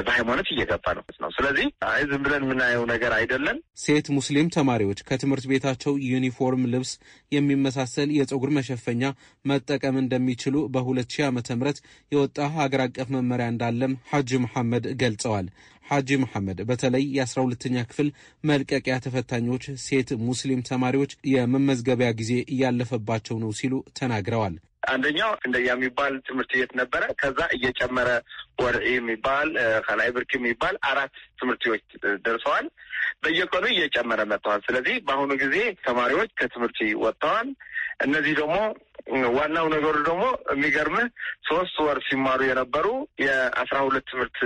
በሃይማኖት እየገባ ነው ነው። ስለዚህ አይ ዝም ብለን የምናየው ነገር አይደለም። ሴት ሙስሊም ተማሪዎች ከትምህርት ቤታቸው ዩኒፎርም ልብስ የሚመሳሰል የፀጉር መሸፈኛ መጠቀም እንደሚችሉ በ ሺህ ዓመተ ምህረት የወጣ ሀገር አቀፍ መመሪያ እንዳለም ሐጂ መሐመድ ገልጸዋል። ሐጂ መሐመድ በተለይ የአስራ ሁለተኛ ክፍል መልቀቂያ ተፈታኞች ሴት ሙስሊም ተማሪዎች የመመዝገቢያ ጊዜ እያለፈባቸው ነው ሲሉ ተናግረዋል። አንደኛው እንደያ የሚባል ትምህርት ቤት ነበረ። ከዛ እየጨመረ ወርዒ የሚባል ከላይ ብርክ የሚባል አራት ትምህርት ቤቶች ደርሰዋል። በየቀኑ እየጨመረ መጥተዋል። ስለዚህ በአሁኑ ጊዜ ተማሪዎች ከትምህርት ወጥተዋል። እነዚህ ደግሞ ዋናው ነገሩ ደግሞ የሚገርምህ ሶስት ወር ሲማሩ የነበሩ የአስራ ሁለት ትምህርት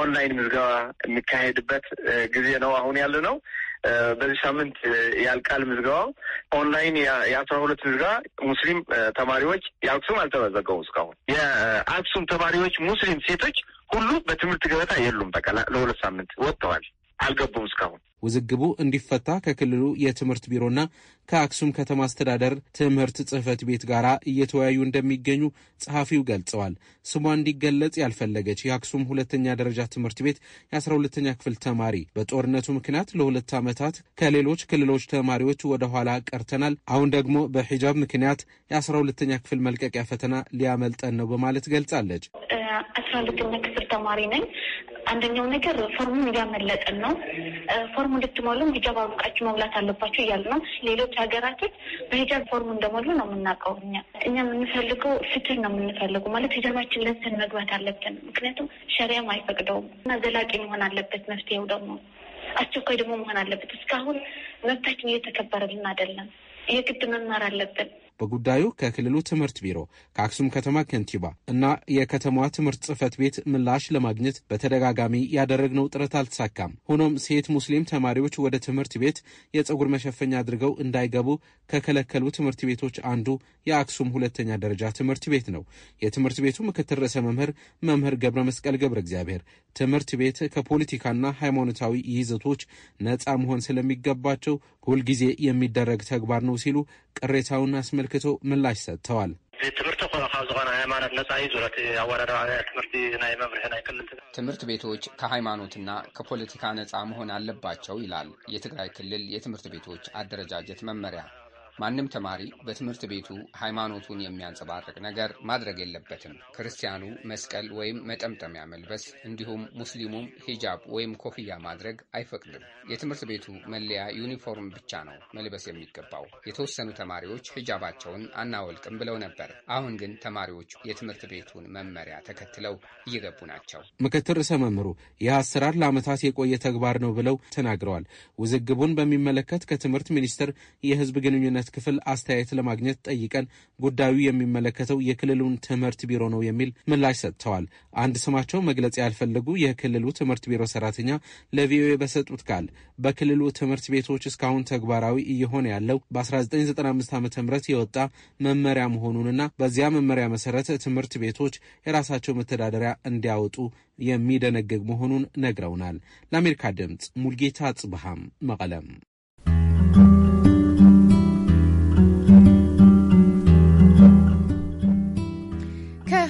ኦንላይን ምዝገባ የሚካሄድበት ጊዜ ነው አሁን ያለ ነው። በዚህ ሳምንት ያልቃል ምዝገባው። ኦንላይን የአስራ ሁለት ምዝገባ ሙስሊም ተማሪዎች የአክሱም አልተመዘገቡም እስካሁን። የአክሱም ተማሪዎች ሙስሊም ሴቶች ሁሉ በትምህርት ገበታ የሉም። በቃ ለሁለት ሳምንት ወጥተዋል። አልገቡም እስካሁን። ውዝግቡ እንዲፈታ ከክልሉ የትምህርት ቢሮና ከአክሱም ከተማ አስተዳደር ትምህርት ጽህፈት ቤት ጋር እየተወያዩ እንደሚገኙ ጸሐፊው ገልጸዋል። ስሟ እንዲገለጽ ያልፈለገች የአክሱም ሁለተኛ ደረጃ ትምህርት ቤት የ12ተኛ ክፍል ተማሪ በጦርነቱ ምክንያት ለሁለት ዓመታት ከሌሎች ክልሎች ተማሪዎች ወደ ኋላ ቀርተናል፣ አሁን ደግሞ በሂጃብ ምክንያት 12 ተኛ ክፍል መልቀቂያ ፈተና ሊያመልጠን ነው በማለት ገልጻለች። አስራ ሁለተኛ ክፍል ተማሪ ነኝ አንደኛው ነገር ፎርሙን እያመለጠን ነው። ፎርሙ እንድትሞሉም ሂጃብ አብቃችሁ መሙላት አለባችሁ እያሉ ነው። ሌሎች ሀገራቶች በሂጃብ ፎርሙ እንደሞሉ ነው የምናውቀው። እኛ እኛ የምንፈልገው ፍትህ ነው የምንፈልገው ማለት ሂጃባችን ለብሰን መግባት አለብን። ምክንያቱም ሸሪያም አይፈቅደውም እና ዘላቂ መሆን አለበት። መፍትሄው ደግሞ አስቸኳይ ደግሞ መሆን አለበት። እስካሁን መብታችን እየተከበረልን አይደለም። የግድ መማር አለብን። በጉዳዩ ከክልሉ ትምህርት ቢሮ ከአክሱም ከተማ ከንቲባ እና የከተማዋ ትምህርት ጽህፈት ቤት ምላሽ ለማግኘት በተደጋጋሚ ያደረግነው ጥረት አልተሳካም። ሆኖም ሴት ሙስሊም ተማሪዎች ወደ ትምህርት ቤት የፀጉር መሸፈኛ አድርገው እንዳይገቡ ከከለከሉ ትምህርት ቤቶች አንዱ የአክሱም ሁለተኛ ደረጃ ትምህርት ቤት ነው። የትምህርት ቤቱ ምክትል ርዕሰ መምህር መምህር ገብረ መስቀል ገብረ እግዚአብሔር ትምህርት ቤት ከፖለቲካና ሃይማኖታዊ ይዘቶች ነጻ መሆን ስለሚገባቸው ሁልጊዜ የሚደረግ ተግባር ነው ሲሉ ቅሬታውን አስመልክቶ ምላሽ ሰጥተዋል። ትምህርቲ ካብ ዝኾነ ሃይማኖት ነፃ እዩ ዙረት ኣወዳድባ ትምህርቲ ናይ መምርሒ ናይ ክልል ትምህርት ቤቶች ከሃይማኖትና ከፖለቲካ ነፃ መሆን አለባቸው ይላል የትግራይ ክልል የትምህርት ቤቶች አደረጃጀት መመሪያ። ማንም ተማሪ በትምህርት ቤቱ ሃይማኖቱን የሚያንጸባርቅ ነገር ማድረግ የለበትም። ክርስቲያኑ መስቀል ወይም መጠምጠሚያ መልበስ እንዲሁም ሙስሊሙም ሂጃብ ወይም ኮፍያ ማድረግ አይፈቅድም። የትምህርት ቤቱ መለያ ዩኒፎርም ብቻ ነው መልበስ የሚገባው። የተወሰኑ ተማሪዎች ሂጃባቸውን አናወልቅም ብለው ነበር። አሁን ግን ተማሪዎቹ የትምህርት ቤቱን መመሪያ ተከትለው እየገቡ ናቸው። ምክትል ርዕሰ መምህሩ ይህ አሰራር ለዓመታት የቆየ ተግባር ነው ብለው ተናግረዋል። ውዝግቡን በሚመለከት ከትምህርት ሚኒስቴር የህዝብ ግንኙነት ትምህርት ክፍል አስተያየት ለማግኘት ጠይቀን ጉዳዩ የሚመለከተው የክልሉን ትምህርት ቢሮ ነው የሚል ምላሽ ሰጥተዋል። አንድ ስማቸው መግለጽ ያልፈለጉ የክልሉ ትምህርት ቢሮ ሰራተኛ ለቪኦኤ በሰጡት ቃል በክልሉ ትምህርት ቤቶች እስካሁን ተግባራዊ እየሆነ ያለው በ1995 ዓ ም የወጣ መመሪያ መሆኑንና በዚያ መመሪያ መሰረት ትምህርት ቤቶች የራሳቸው መተዳደሪያ እንዲያወጡ የሚደነግግ መሆኑን ነግረውናል። ለአሜሪካ ድምፅ ሙልጌታ ጽብሃም መቀለም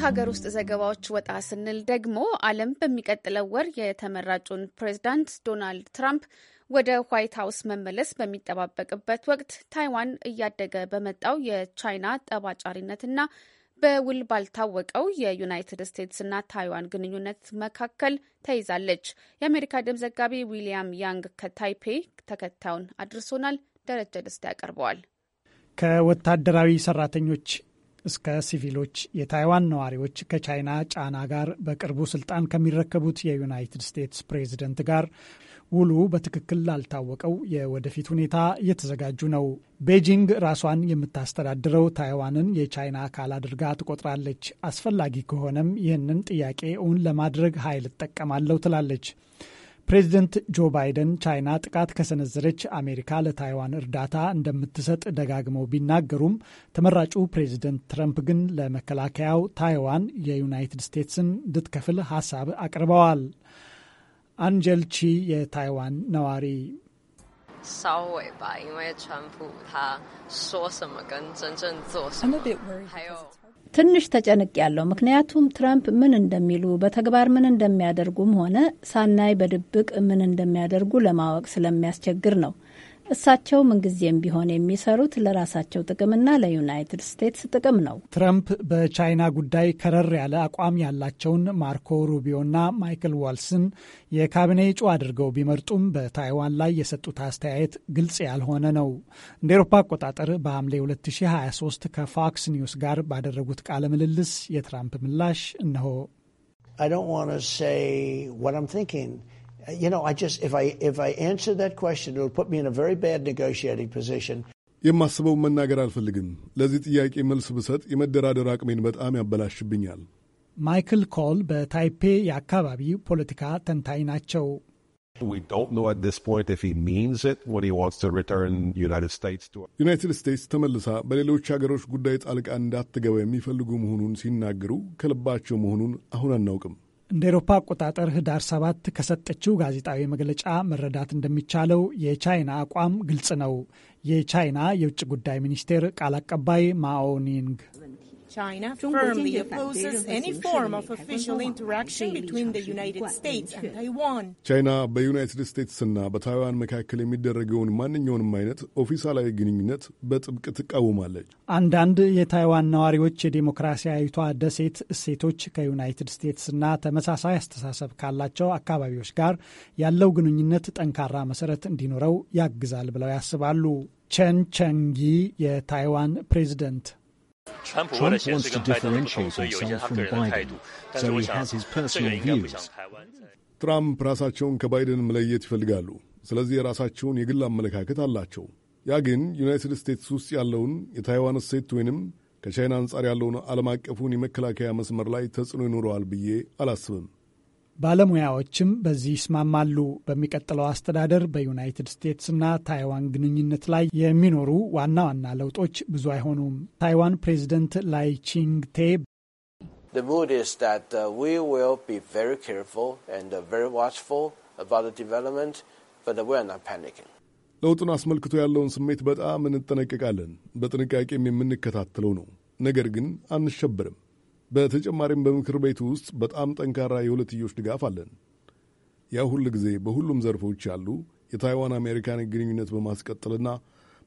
ከሀገር ውስጥ ዘገባዎች ወጣ ስንል ደግሞ ዓለም በሚቀጥለው ወር የተመራጩን ፕሬዚዳንት ዶናልድ ትራምፕ ወደ ዋይት ሀውስ መመለስ በሚጠባበቅበት ወቅት ታይዋን እያደገ በመጣው የቻይና ጠባጫሪነትና በውል ባልታወቀው የዩናይትድ ስቴትስ እና ታይዋን ግንኙነት መካከል ተይዛለች። የአሜሪካ ድምፅ ዘጋቢ ዊሊያም ያንግ ከታይፔ ተከታዩን አድርሶናል። ደረጃ ደስታ ያቀርበዋል። ከወታደራዊ ሰራተኞች እስከ ሲቪሎች የታይዋን ነዋሪዎች ከቻይና ጫና ጋር በቅርቡ ስልጣን ከሚረከቡት የዩናይትድ ስቴትስ ፕሬዝደንት ጋር ውሉ በትክክል ላልታወቀው የወደፊት ሁኔታ እየተዘጋጁ ነው። ቤጂንግ ራሷን የምታስተዳድረው ታይዋንን የቻይና አካል አድርጋ ትቆጥራለች። አስፈላጊ ከሆነም ይህንን ጥያቄ እውን ለማድረግ ኃይል እጠቀማለሁ ትላለች። ፕሬዚደንት ጆ ባይደን ቻይና ጥቃት ከሰነዘረች አሜሪካ ለታይዋን እርዳታ እንደምትሰጥ ደጋግመው ቢናገሩም ተመራጩ ፕሬዚደንት ትረምፕ ግን ለመከላከያው ታይዋን የዩናይትድ ስቴትስን እንድትከፍል ሀሳብ አቅርበዋል። አንጀል ቺ የታይዋን ነዋሪ ትንሽ ተጨንቅ ያለው ምክንያቱም ትራምፕ ምን እንደሚሉ በተግባር ምን እንደሚያደርጉም ሆነ ሳናይ በድብቅ ምን እንደሚያደርጉ ለማወቅ ስለሚያስቸግር ነው። እሳቸው ምንጊዜም ቢሆን የሚሰሩት ለራሳቸው ጥቅምና ለዩናይትድ ስቴትስ ጥቅም ነው። ትረምፕ በቻይና ጉዳይ ከረር ያለ አቋም ያላቸውን ማርኮ ሩቢዮና ማይክል ዋልስን የካቢኔ እጩ አድርገው ቢመርጡም በታይዋን ላይ የሰጡት አስተያየት ግልጽ ያልሆነ ነው። እንደ ኤሮፓ አቆጣጠር በሐምሌ 2023 ከፎክስ ኒውስ ጋር ባደረጉት ቃለ ምልልስ የትራምፕ ምላሽ እነሆ I don't want to say what I'm thinking. you know, I just if I if I answer that question, it'll put me in a very bad negotiating position. የማስበውን መናገር አልፈልግም። ለዚህ ጥያቄ መልስ ብሰጥ የመደራደር አቅሜን በጣም ያበላሽብኛል። ማይክል ኮል በታይፔ የአካባቢ ፖለቲካ ተንታኝ ናቸው። ዩናይትድ ስቴትስ ተመልሳ በሌሎች ሀገሮች ጉዳይ ጣልቃ እንዳትገባ የሚፈልጉ መሆኑን ሲናገሩ ከልባቸው መሆኑን አሁን አናውቅም። እንደ ኤሮፓ አቆጣጠር ህዳር ሰባት ከሰጠችው ጋዜጣዊ መግለጫ መረዳት እንደሚቻለው የቻይና አቋም ግልጽ ነው። የቻይና የውጭ ጉዳይ ሚኒስቴር ቃል አቀባይ ማኦኒንግ China firmly opposes any form of official interaction between the United States and uh, Taiwan. China, by ቻይና በዩናይትድ ስቴትስና በታይዋን መካከል የሚደረገውን ማንኛውንም አይነት ኦፊሳላዊ ግንኙነት በጥብቅ ትቃወማለች። አንዳንድ የታይዋን ነዋሪዎች የዴሞክራሲያዊቷ ደሴት እሴቶች ከዩናይትድ ስቴትስና ተመሳሳይ አስተሳሰብ ካላቸው አካባቢዎች ጋር ያለው ግንኙነት ጠንካራ መሰረት እንዲኖረው ያግዛል ብለው ያስባሉ። ቸን ቸንጊ የታይዋን ፕሬዚደንት Trump wants to differentiate himself from Biden, so he has his personal views. ትራምፕ ራሳቸውን ከባይደን መለየት ይፈልጋሉ። ስለዚህ የራሳቸውን የግል አመለካከት አላቸው። ያ ግን ዩናይትድ ስቴትስ ውስጥ ያለውን የታይዋን እሴት ወይንም ከቻይና አንጻር ያለውን ዓለም አቀፉን የመከላከያ መስመር ላይ ተጽዕኖ ይኖረዋል ብዬ አላስብም። ባለሙያዎችም በዚህ ይስማማሉ። በሚቀጥለው አስተዳደር በዩናይትድ ስቴትስና ታይዋን ግንኙነት ላይ የሚኖሩ ዋና ዋና ለውጦች ብዙ አይሆኑም። ታይዋን ፕሬዚደንት ላይ ቺንግቴ uh, uh, ለውጡን አስመልክቶ ያለውን ስሜት በጣም እንጠነቀቃለን። በጥንቃቄም የምንከታተለው ነው። ነገር ግን አንሸበርም። በተጨማሪም በምክር ቤቱ ውስጥ በጣም ጠንካራ የሁለትዮሽ ድጋፍ አለን። ያ ሁል ጊዜ በሁሉም ዘርፎች ያሉ የታይዋን አሜሪካን ግንኙነት በማስቀጠልና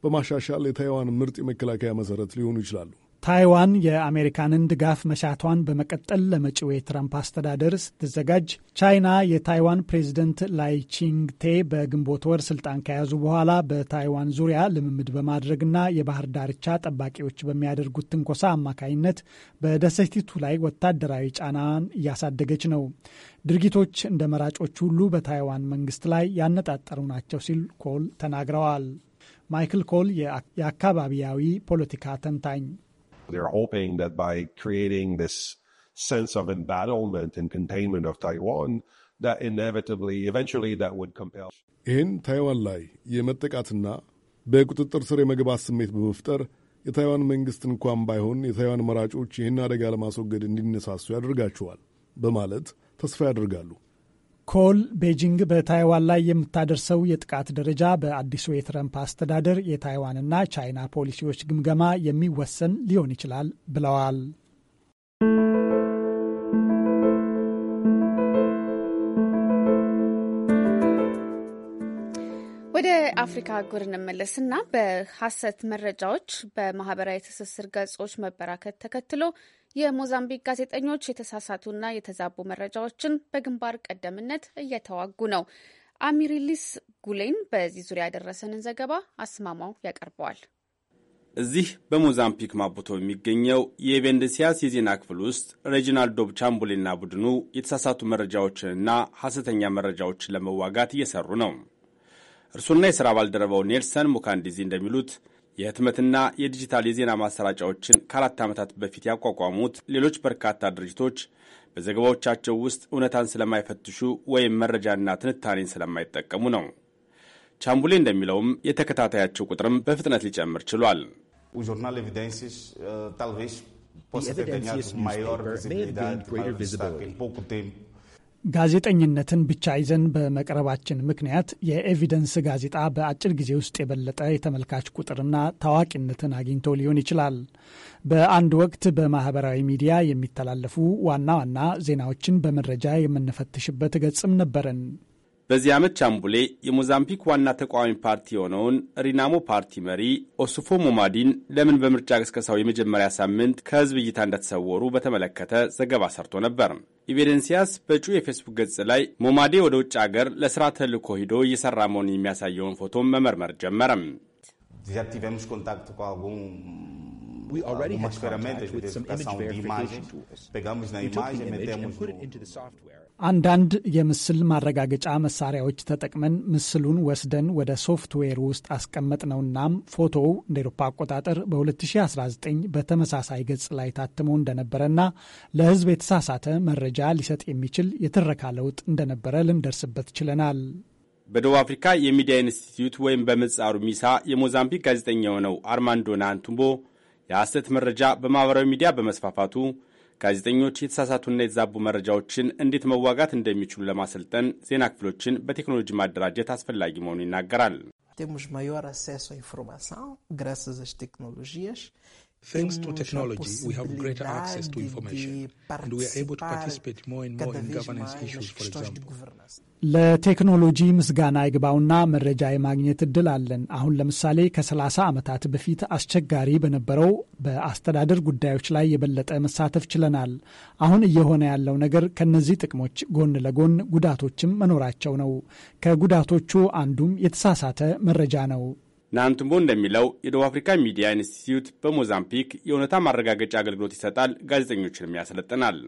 በማሻሻል የታይዋን ምርጥ የመከላከያ መሠረት ሊሆኑ ይችላሉ። ታይዋን የአሜሪካንን ድጋፍ መሻቷን በመቀጠል ለመጪው የትራምፕ አስተዳደር ስትዘጋጅ ቻይና የታይዋን ፕሬዝደንት ላይቺንግቴ በግንቦት ወር ስልጣን ከያዙ በኋላ በታይዋን ዙሪያ ልምምድ በማድረግና የባህር ዳርቻ ጠባቂዎች በሚያደርጉት ትንኮሳ አማካኝነት በደሴቲቱ ላይ ወታደራዊ ጫናን እያሳደገች ነው። ድርጊቶች እንደ መራጮች ሁሉ በታይዋን መንግስት ላይ ያነጣጠሩ ናቸው ሲል ኮል ተናግረዋል። ማይክል ኮል የአካባቢያዊ ፖለቲካ ተንታኝ they're hoping that by creating this sense of embattlement and containment of Taiwan, that inevitably, eventually, that would compel. In Taiwan, lay yemetekatna bekutetar sere magabas mit bufter yTaiwan mengistin kuam bayhon yTaiwan marajuchi hinna regal masogedin din nesasu adrgachual bemalat tasfer adrgalu. ኮል ቤጂንግ በታይዋን ላይ የምታደርሰው የጥቃት ደረጃ በአዲሱ የትረምፕ አስተዳደር የታይዋንና ቻይና ፖሊሲዎች ግምገማ የሚወሰን ሊሆን ይችላል ብለዋል። ወደ አፍሪካ አህጉር እንመለስና በሐሰት መረጃዎች በማህበራዊ ትስስር ገጾች መበራከት ተከትሎ የሞዛምቢክ ጋዜጠኞች የተሳሳቱና የተዛቡ መረጃዎችን በግንባር ቀደምትነት እየተዋጉ ነው። አሚሪሊስ ጉሌን በዚህ ዙሪያ ያደረሰንን ዘገባ አስማማው ያቀርበዋል። እዚህ በሞዛምፒክ ማቦቶ የሚገኘው የቬንደሲያስ የዜና ክፍል ውስጥ ሬጂናልዶ ቻምቡሌና ቡድኑ የተሳሳቱ መረጃዎችንና ሐሰተኛ መረጃዎችን ለመዋጋት እየሰሩ ነው። እርሱና የሥራ ባልደረባው ኔልሰን ሙካንዲዚ እንደሚሉት የህትመትና የዲጂታል የዜና ማሰራጫዎችን ከአራት ዓመታት በፊት ያቋቋሙት ሌሎች በርካታ ድርጅቶች በዘገባዎቻቸው ውስጥ እውነታን ስለማይፈትሹ ወይም መረጃና ትንታኔን ስለማይጠቀሙ ነው። ቻምቡሌ እንደሚለውም የተከታታያቸው ቁጥርም በፍጥነት ሊጨምር ችሏል። ጋዜጠኝነትን ብቻ ይዘን በመቅረባችን ምክንያት የኤቪደንስ ጋዜጣ በአጭር ጊዜ ውስጥ የበለጠ የተመልካች ቁጥርና ታዋቂነትን አግኝቶ ሊሆን ይችላል። በአንድ ወቅት በማህበራዊ ሚዲያ የሚተላለፉ ዋና ዋና ዜናዎችን በመረጃ የምንፈትሽበት ገጽም ነበረን። በዚህ ዓመት ቻምቡሌ የሞዛምቢክ ዋና ተቃዋሚ ፓርቲ የሆነውን ሪናሞ ፓርቲ መሪ ኦሱፎ ሞማዲን ለምን በምርጫ ቅስቀሳው የመጀመሪያ ሳምንት ከህዝብ እይታ እንደተሰወሩ በተመለከተ ዘገባ ሰርቶ ነበር። ኢቪደንሲያስ በጩ የፌስቡክ ገጽ ላይ ሞማዴ ወደ ውጭ አገር ለስራ ተልኮ ሂዶ እየሰራ መሆኑን የሚያሳየውን ፎቶም መመርመር ጀመረም። አንዳንድ የምስል ማረጋገጫ መሳሪያዎች ተጠቅመን ምስሉን ወስደን ወደ ሶፍትዌር ውስጥ አስቀመጥ ነው። እናም ፎቶው እንደ ኤሮፓ አቆጣጠር በ2019 በተመሳሳይ ገጽ ላይ ታትሞ እንደነበረና ለሕዝብ የተሳሳተ መረጃ ሊሰጥ የሚችል የትረካ ለውጥ እንደነበረ ልንደርስበት ችለናል። በደቡብ አፍሪካ የሚዲያ ኢንስቲትዩት ወይም በምጻሩ ሚሳ የሞዛምቢክ ጋዜጠኛ የሆነው አርማንዶ ናንቱምቦ የሐሰት መረጃ በማኅበራዊ ሚዲያ በመስፋፋቱ ጋዜጠኞች የተሳሳቱና የተዛቡ መረጃዎችን እንዴት መዋጋት እንደሚችሉ ለማሰልጠን ዜና ክፍሎችን በቴክኖሎጂ ማደራጀት አስፈላጊ መሆኑን ይናገራል። Thanks to technology, we have greater access to information and we are able to participate more and more in governance issues, for example. ለቴክኖሎጂ ምስጋና ይግባውና መረጃ የማግኘት እድል አለን። አሁን ለምሳሌ ከ30 ዓመታት በፊት አስቸጋሪ በነበረው በአስተዳደር ጉዳዮች ላይ የበለጠ መሳተፍ ችለናል። አሁን እየሆነ ያለው ነገር ከነዚህ ጥቅሞች ጎን ለጎን ጉዳቶችም መኖራቸው ነው። ከጉዳቶቹ አንዱም የተሳሳተ መረጃ ነው። ናንቱምቦ እንደሚለው የደቡብ አፍሪካ ሚዲያ ኢንስቲትዩት በሞዛምፒክ የእውነታ ማረጋገጫ አገልግሎት ይሰጣል፣ ጋዜጠኞችንም ያሰለጥናል።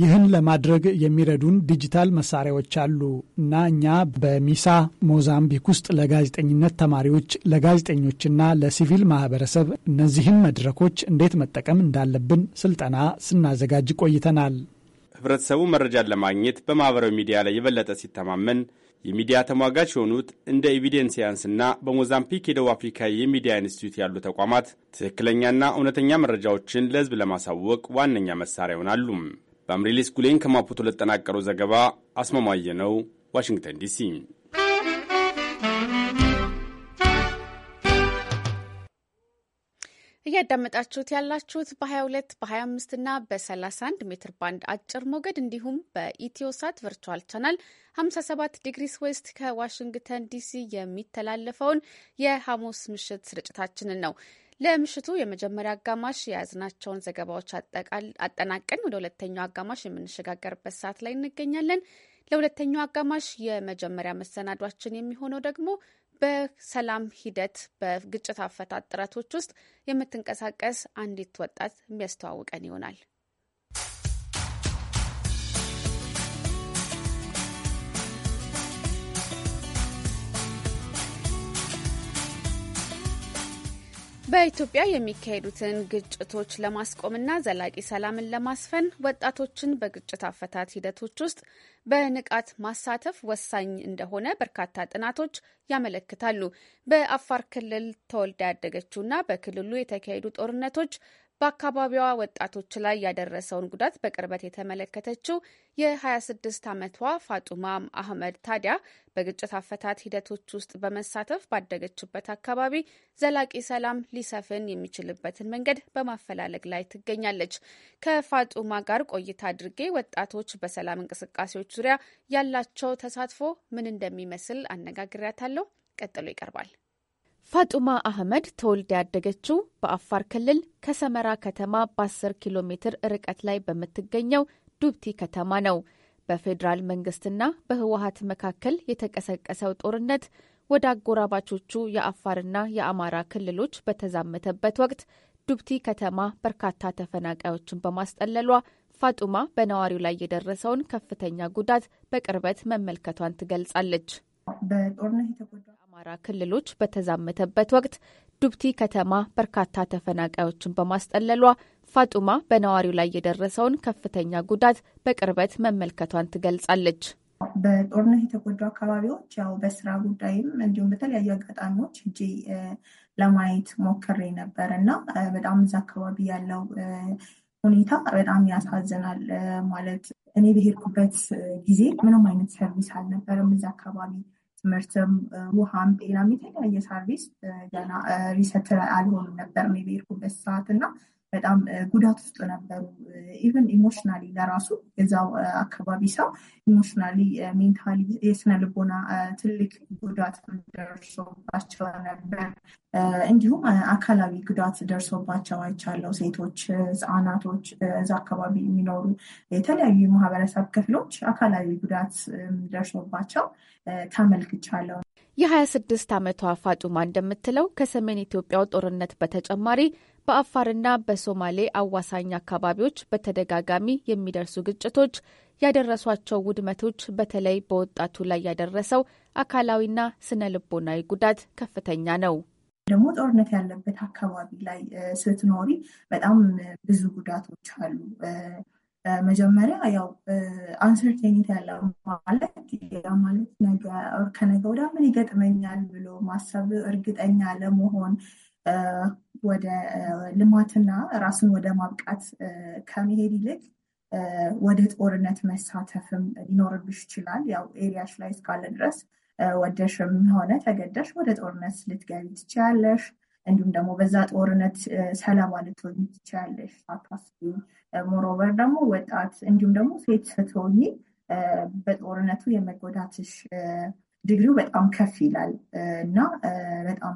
ይህን ለማድረግ የሚረዱን ዲጂታል መሳሪያዎች አሉ እና እኛ በሚሳ ሞዛምቢክ ውስጥ ለጋዜጠኝነት ተማሪዎች፣ ለጋዜጠኞችና ለሲቪል ማህበረሰብ እነዚህን መድረኮች እንዴት መጠቀም እንዳለብን ስልጠና ስናዘጋጅ ቆይተናል። ህብረተሰቡ መረጃን ለማግኘት በማህበራዊ ሚዲያ ላይ የበለጠ ሲተማመን የሚዲያ ተሟጋች የሆኑት እንደ ኤቪደንሲያንስና በሞዛምፒክ የደቡብ አፍሪካ የሚዲያ ኢንስቲትዩት ያሉ ተቋማት ትክክለኛና እውነተኛ መረጃዎችን ለህዝብ ለማሳወቅ ዋነኛ መሳሪያ ይሆናሉ። በአምሪሌስ ጉሌን ከማፖቶ ለጠናቀረው ዘገባ አስማማየ ነው፣ ዋሽንግተን ዲሲ። እያዳመጣችሁት ያላችሁት በ22 በ25 እና በ31 ሜትር ባንድ አጭር ሞገድ እንዲሁም በኢትዮሳት ቨርቹዋል ቻናል 57 ዲግሪስ ዌስት ከዋሽንግተን ዲሲ የሚተላለፈውን የሐሙስ ምሽት ስርጭታችንን ነው። ለምሽቱ የመጀመሪያ አጋማሽ የያዝናቸውን ዘገባዎች አጠናቀን ወደ ሁለተኛው አጋማሽ የምንሸጋገርበት ሰዓት ላይ እንገኛለን። ለሁለተኛው አጋማሽ የመጀመሪያ መሰናዷችን የሚሆነው ደግሞ በሰላም ሂደት በግጭት አፈታት ጥረቶች ውስጥ የምትንቀሳቀስ አንዲት ወጣት የሚያስተዋውቀን ይሆናል። በኢትዮጵያ የሚካሄዱትን ግጭቶች ለማስቆምና ዘላቂ ሰላምን ለማስፈን ወጣቶችን በግጭት አፈታት ሂደቶች ውስጥ በንቃት ማሳተፍ ወሳኝ እንደሆነ በርካታ ጥናቶች ያመለክታሉ። በአፋር ክልል ተወልዳ ያደገችውና በክልሉ የተካሄዱ ጦርነቶች በአካባቢዋ ወጣቶች ላይ ያደረሰውን ጉዳት በቅርበት የተመለከተችው የ26 ዓመቷ ፋጡማ አህመድ ታዲያ በግጭት አፈታት ሂደቶች ውስጥ በመሳተፍ ባደገችበት አካባቢ ዘላቂ ሰላም ሊሰፍን የሚችልበትን መንገድ በማፈላለግ ላይ ትገኛለች። ከፋጡማ ጋር ቆይታ አድርጌ ወጣቶች በሰላም እንቅስቃሴዎች ዙሪያ ያላቸው ተሳትፎ ምን እንደሚመስል አነጋግሪያታለሁ። ቀጥሎ ይቀርባል። ፋጡማ አህመድ ተወልዳ ያደገችው በአፋር ክልል ከሰመራ ከተማ በ10 ኪሎ ሜትር ርቀት ላይ በምትገኘው ዱብቲ ከተማ ነው። በፌዴራል መንግስትና በህወሀት መካከል የተቀሰቀሰው ጦርነት ወደ አጎራባቾቹ የአፋርና የአማራ ክልሎች በተዛመተበት ወቅት ዱብቲ ከተማ በርካታ ተፈናቃዮችን በማስጠለሏ ፋጡማ በነዋሪው ላይ የደረሰውን ከፍተኛ ጉዳት በቅርበት መመልከቷን ትገልጻለች። በጦርነት የተጎዳ አማራ ክልሎች በተዛመተበት ወቅት ዱብቲ ከተማ በርካታ ተፈናቃዮችን በማስጠለሏ ፋጡማ በነዋሪው ላይ የደረሰውን ከፍተኛ ጉዳት በቅርበት መመልከቷን ትገልጻለች። በጦርነት የተጎዱ አካባቢዎች ያው በስራ ጉዳይም እንዲሁም በተለያዩ አጋጣሚዎች እጅ ለማየት ሞክሬ ነበር እና በጣም እዛ አካባቢ ያለው ሁኔታ በጣም ያሳዝናል። ማለት እኔ በሄድኩበት ጊዜ ምንም አይነት ሰርቪስ አልነበረም እዛ አካባቢ ትምህርትም፣ ውሃም፣ ጤናም የተለያየ ሰርቪስ ገና ሪሰት አልሆኑም ነበር የሄድኩበት ሰዓት እና በጣም ጉዳት ውስጥ ነበሩ። ኢቨን ኢሞሽናሊ ለራሱ የዛው አካባቢ ሰው ኢሞሽናሊ፣ ሜንታሊ የስነ ልቦና ትልቅ ጉዳት ደርሶባቸው ነበር። እንዲሁም አካላዊ ጉዳት ደርሶባቸው አይቻለው። ሴቶች፣ ህፃናቶች፣ እዛ አካባቢ የሚኖሩ የተለያዩ የማህበረሰብ ክፍሎች አካላዊ ጉዳት ደርሶባቸው ተመልክቻለው። የሀያ ስድስት ዓመቷ ፋጡማ እንደምትለው ከሰሜን ኢትዮጵያው ጦርነት በተጨማሪ በአፋርና በሶማሌ አዋሳኝ አካባቢዎች በተደጋጋሚ የሚደርሱ ግጭቶች ያደረሷቸው ውድመቶች በተለይ በወጣቱ ላይ ያደረሰው አካላዊና ስነ ልቦናዊ ጉዳት ከፍተኛ ነው። ደግሞ ጦርነት ያለበት አካባቢ ላይ ስትኖሪ በጣም ብዙ ጉዳቶች አሉ። መጀመሪያ ያው አንሰርቴኒት ያለው ማለት ማለት ከነገ ወዲያ ምን ይገጥመኛል ብሎ ማሰብ፣ እርግጠኛ ለመሆን ወደ ልማትና ራስን ወደ ማብቃት ከመሄድ ይልቅ ወደ ጦርነት መሳተፍም ሊኖርብሽ ይችላል። ያው ኤሪያሽ ላይ እስካለ ድረስ ወደሽም ሆነ ተገደሽ ወደ ጦርነት ልትገቢ ትችያለሽ። እንዲሁም ደግሞ በዛ ጦርነት ሰለባ ልትሆኝ ትችያለሽ አታስቢ። ሞሮቨር ደግሞ ወጣት እንዲሁም ደግሞ ሴት ስትሆኚ በጦርነቱ የመጎዳትሽ ዲግሪው በጣም ከፍ ይላል እና በጣም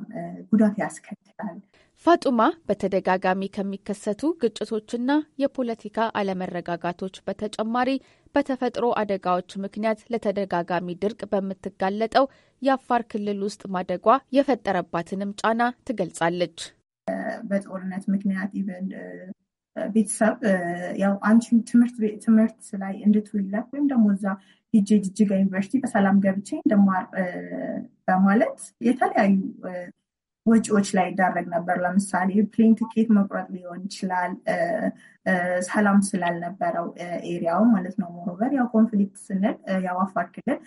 ጉዳት ያስከትላል። ፋጡማ በተደጋጋሚ ከሚከሰቱ ግጭቶችና የፖለቲካ አለመረጋጋቶች በተጨማሪ በተፈጥሮ አደጋዎች ምክንያት ለተደጋጋሚ ድርቅ በምትጋለጠው የአፋር ክልል ውስጥ ማደጓ የፈጠረባትንም ጫና ትገልጻለች። በጦርነት ምክንያት ኢቨን ቤተሰብ ያው አንቺም ትምህርት ላይ እንድትውይለት ወይም ደግሞ እዛ ሂጄ ጅጅጋ ዩኒቨርሲቲ በሰላም ገብቼ እንደማር በማለት የተለያዩ ወጪዎች ላይ ይዳረግ ነበር። ለምሳሌ ፕሌን ትኬት መቁረጥ ሊሆን ይችላል። ሰላም ስላልነበረው ኤሪያው ማለት ነው። ሞሮቨር ያው ኮንፍሊክት ስንል ያው አፋር ክልል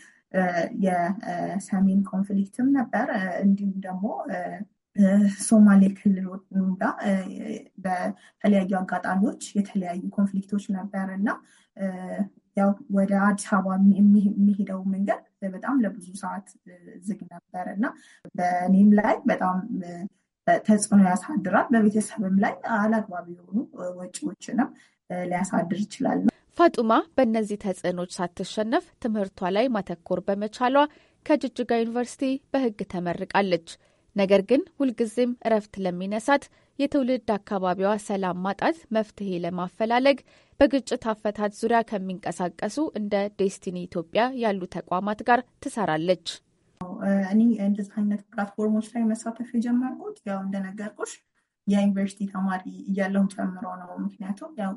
የሰሜን ኮንፍሊክትም ነበር እንዲሁም ደግሞ ሶማሌ ክልል ጋር በተለያዩ አጋጣሚዎች የተለያዩ ኮንፍሊክቶች ነበር እና ያው ወደ አዲስ አበባ የሚሄደው መንገድ በጣም ለብዙ ሰዓት ዝግ ነበር እና በእኔም ላይ በጣም ተጽዕኖ ያሳድራል። በቤተሰብም ላይ አላግባብ የሆኑ ወጪዎችንም ሊያሳድር ይችላል። ፋጡማ በእነዚህ ተጽዕኖች ሳትሸነፍ ትምህርቷ ላይ ማተኮር በመቻሏ ከጅጅጋ ዩኒቨርሲቲ በሕግ ተመርቃለች። ነገር ግን ሁልጊዜም እረፍት ለሚነሳት የትውልድ አካባቢዋ ሰላም ማጣት መፍትሄ ለማፈላለግ በግጭት አፈታት ዙሪያ ከሚንቀሳቀሱ እንደ ዴስቲኒ ኢትዮጵያ ያሉ ተቋማት ጋር ትሰራለች። እኔ እንደዚህ አይነት ፕላትፎርሞች ላይ መሳተፍ የጀመርኩት ያው እንደነገርኩሽ የዩኒቨርሲቲ ተማሪ እያለሁ ጨምሮ ነው። ምክንያቱም ያው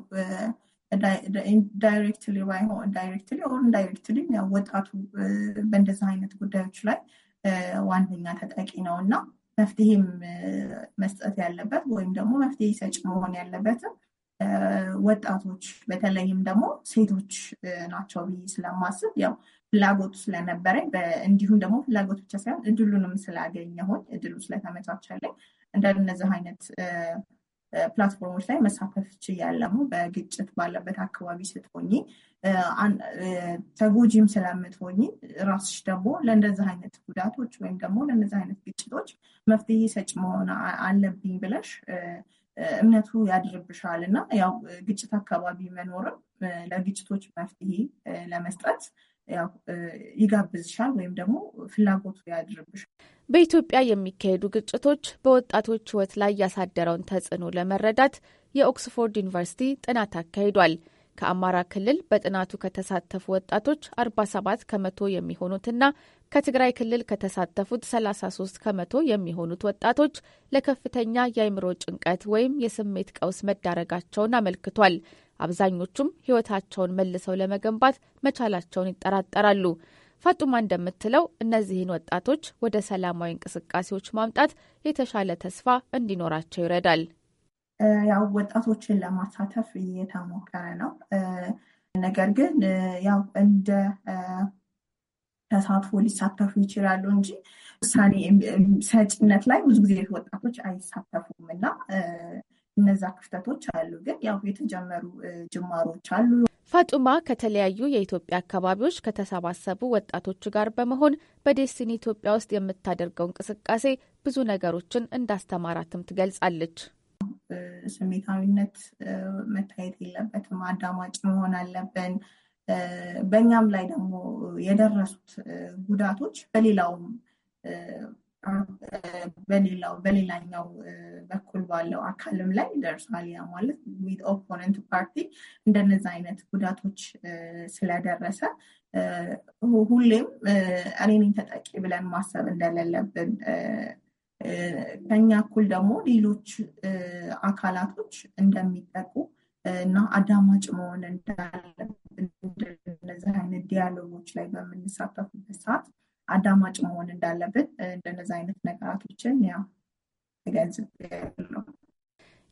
ዳይሬክትሊ ባይሆን ዳይሬክትሊ ኦር ኢንዳይሬክትሊ ወጣቱ በእንደዚህ አይነት ጉዳዮች ላይ ዋነኛ ተጠቂ ነው እና መፍትሄም መስጠት ያለበት ወይም ደግሞ መፍትሄ ሰጭ መሆን ያለበትም ወጣቶች በተለይም ደግሞ ሴቶች ናቸው ብዬ ስለማስብ ያው ፍላጎቱ ስለነበረኝ እንዲሁም ደግሞ ፍላጎት ብቻ ሳይሆን እድሉንም ስላገኘሁኝ እድሉ ስለተመቻቸልኝ እንደነዚህ አይነት ፕላትፎርሞች ላይ መሳተፍ ችያለሁ። በግጭት ባለበት አካባቢ ስትሆኝ ተጎጂም ስለምትሆኝ ራስሽ ደግሞ ለእንደዚህ አይነት ጉዳቶች ወይም ደግሞ ለእንደዚህ አይነት ግጭቶች መፍትሄ ሰጭ መሆን አለብኝ ብለሽ እምነቱ ያድርብሻል እና ያው ግጭት አካባቢ መኖርም ለግጭቶች መፍትሄ ለመስጠት ያው ይጋብዝሻል ወይም ደግሞ ፍላጎቱ ያድርብሻል። በኢትዮጵያ የሚካሄዱ ግጭቶች በወጣቶች ሕይወት ላይ ያሳደረውን ተጽዕኖ ለመረዳት የኦክስፎርድ ዩኒቨርሲቲ ጥናት አካሂዷል። ከአማራ ክልል በጥናቱ ከተሳተፉ ወጣቶች 47 ከመቶ የሚሆኑትና ከትግራይ ክልል ከተሳተፉት 33 ከመቶ የሚሆኑት ወጣቶች ለከፍተኛ የአእምሮ ጭንቀት ወይም የስሜት ቀውስ መዳረጋቸውን አመልክቷል። አብዛኞቹም ሕይወታቸውን መልሰው ለመገንባት መቻላቸውን ይጠራጠራሉ። ፋጡማ እንደምትለው እነዚህን ወጣቶች ወደ ሰላማዊ እንቅስቃሴዎች ማምጣት የተሻለ ተስፋ እንዲኖራቸው ይረዳል። ያው ወጣቶችን ለማሳተፍ እየተሞከረ ነው። ነገር ግን ያው እንደ ተሳትፎ ሊሳተፉ ይችላሉ እንጂ ውሳኔ ሰጭነት ላይ ብዙ ጊዜ ወጣቶች አይሳተፉም እና እነዛ ክፍተቶች አሉ። ግን ያው የተጀመሩ ጅማሮች አሉ። ፋጡማ ከተለያዩ የኢትዮጵያ አካባቢዎች ከተሰባሰቡ ወጣቶች ጋር በመሆን በዴስቲኒ ኢትዮጵያ ውስጥ የምታደርገው እንቅስቃሴ ብዙ ነገሮችን እንዳስተማራትም ትገልጻለች። ስሜታዊነት መታየት የለበትም። አዳማጭ መሆን አለብን። በእኛም ላይ ደግሞ የደረሱት ጉዳቶች በሌላውም በሌላው በሌላኛው በኩል ባለው አካልም ላይ ደርሷል። ያ ማለት ዊት ኦፖነንት ፓርቲ እንደነዚ አይነት ጉዳቶች ስለደረሰ ሁሌም እኔን ተጠቂ ብለን ማሰብ እንደሌለብን ከኛ እኩል ደግሞ ሌሎች አካላቶች እንደሚጠቁ እና አዳማጭ መሆን እንዳለ ዲያሎጎች ላይ በምንሳተፉበት ሰዓት አዳማጭ መሆን እንዳለብን እንደነዚ አይነት ነገራቶችን ያው ተገንዝብ ነው።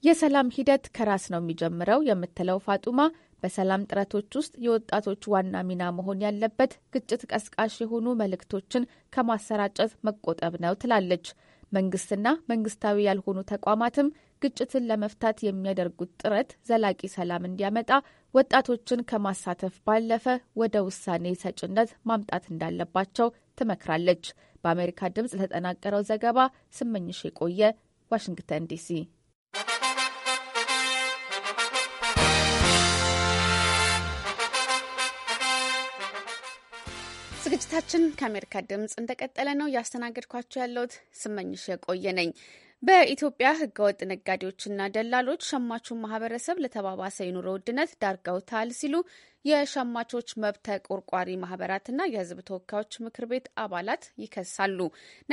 የሰላም ሂደት ከራስ ነው የሚጀምረው የምትለው ፋጡማ በሰላም ጥረቶች ውስጥ የወጣቶች ዋና ሚና መሆን ያለበት ግጭት ቀስቃሽ የሆኑ መልእክቶችን ከማሰራጨት መቆጠብ ነው ትላለች። መንግስትና መንግስታዊ ያልሆኑ ተቋማትም ግጭትን ለመፍታት የሚያደርጉት ጥረት ዘላቂ ሰላም እንዲያመጣ ወጣቶችን ከማሳተፍ ባለፈ ወደ ውሳኔ ሰጭነት ማምጣት እንዳለባቸው ትመክራለች። በአሜሪካ ድምፅ ለተጠናቀረው ዘገባ ስመኝሽ የቆየ ዋሽንግተን ዲሲ። ዝግጅታችን ከአሜሪካ ድምፅ እንደቀጠለ ነው። እያስተናገድኳቸው ያለሁት ስመኝሽ የቆየ ነኝ። በኢትዮጵያ ህገወጥ ነጋዴዎችና ደላሎች ሸማቹን ማህበረሰብ ለተባባሰ የኑሮ ውድነት ዳርገውታል ሲሉ የሸማቾች መብት ተቆርቋሪ ማህበራትና የህዝብ ተወካዮች ምክር ቤት አባላት ይከሳሉ።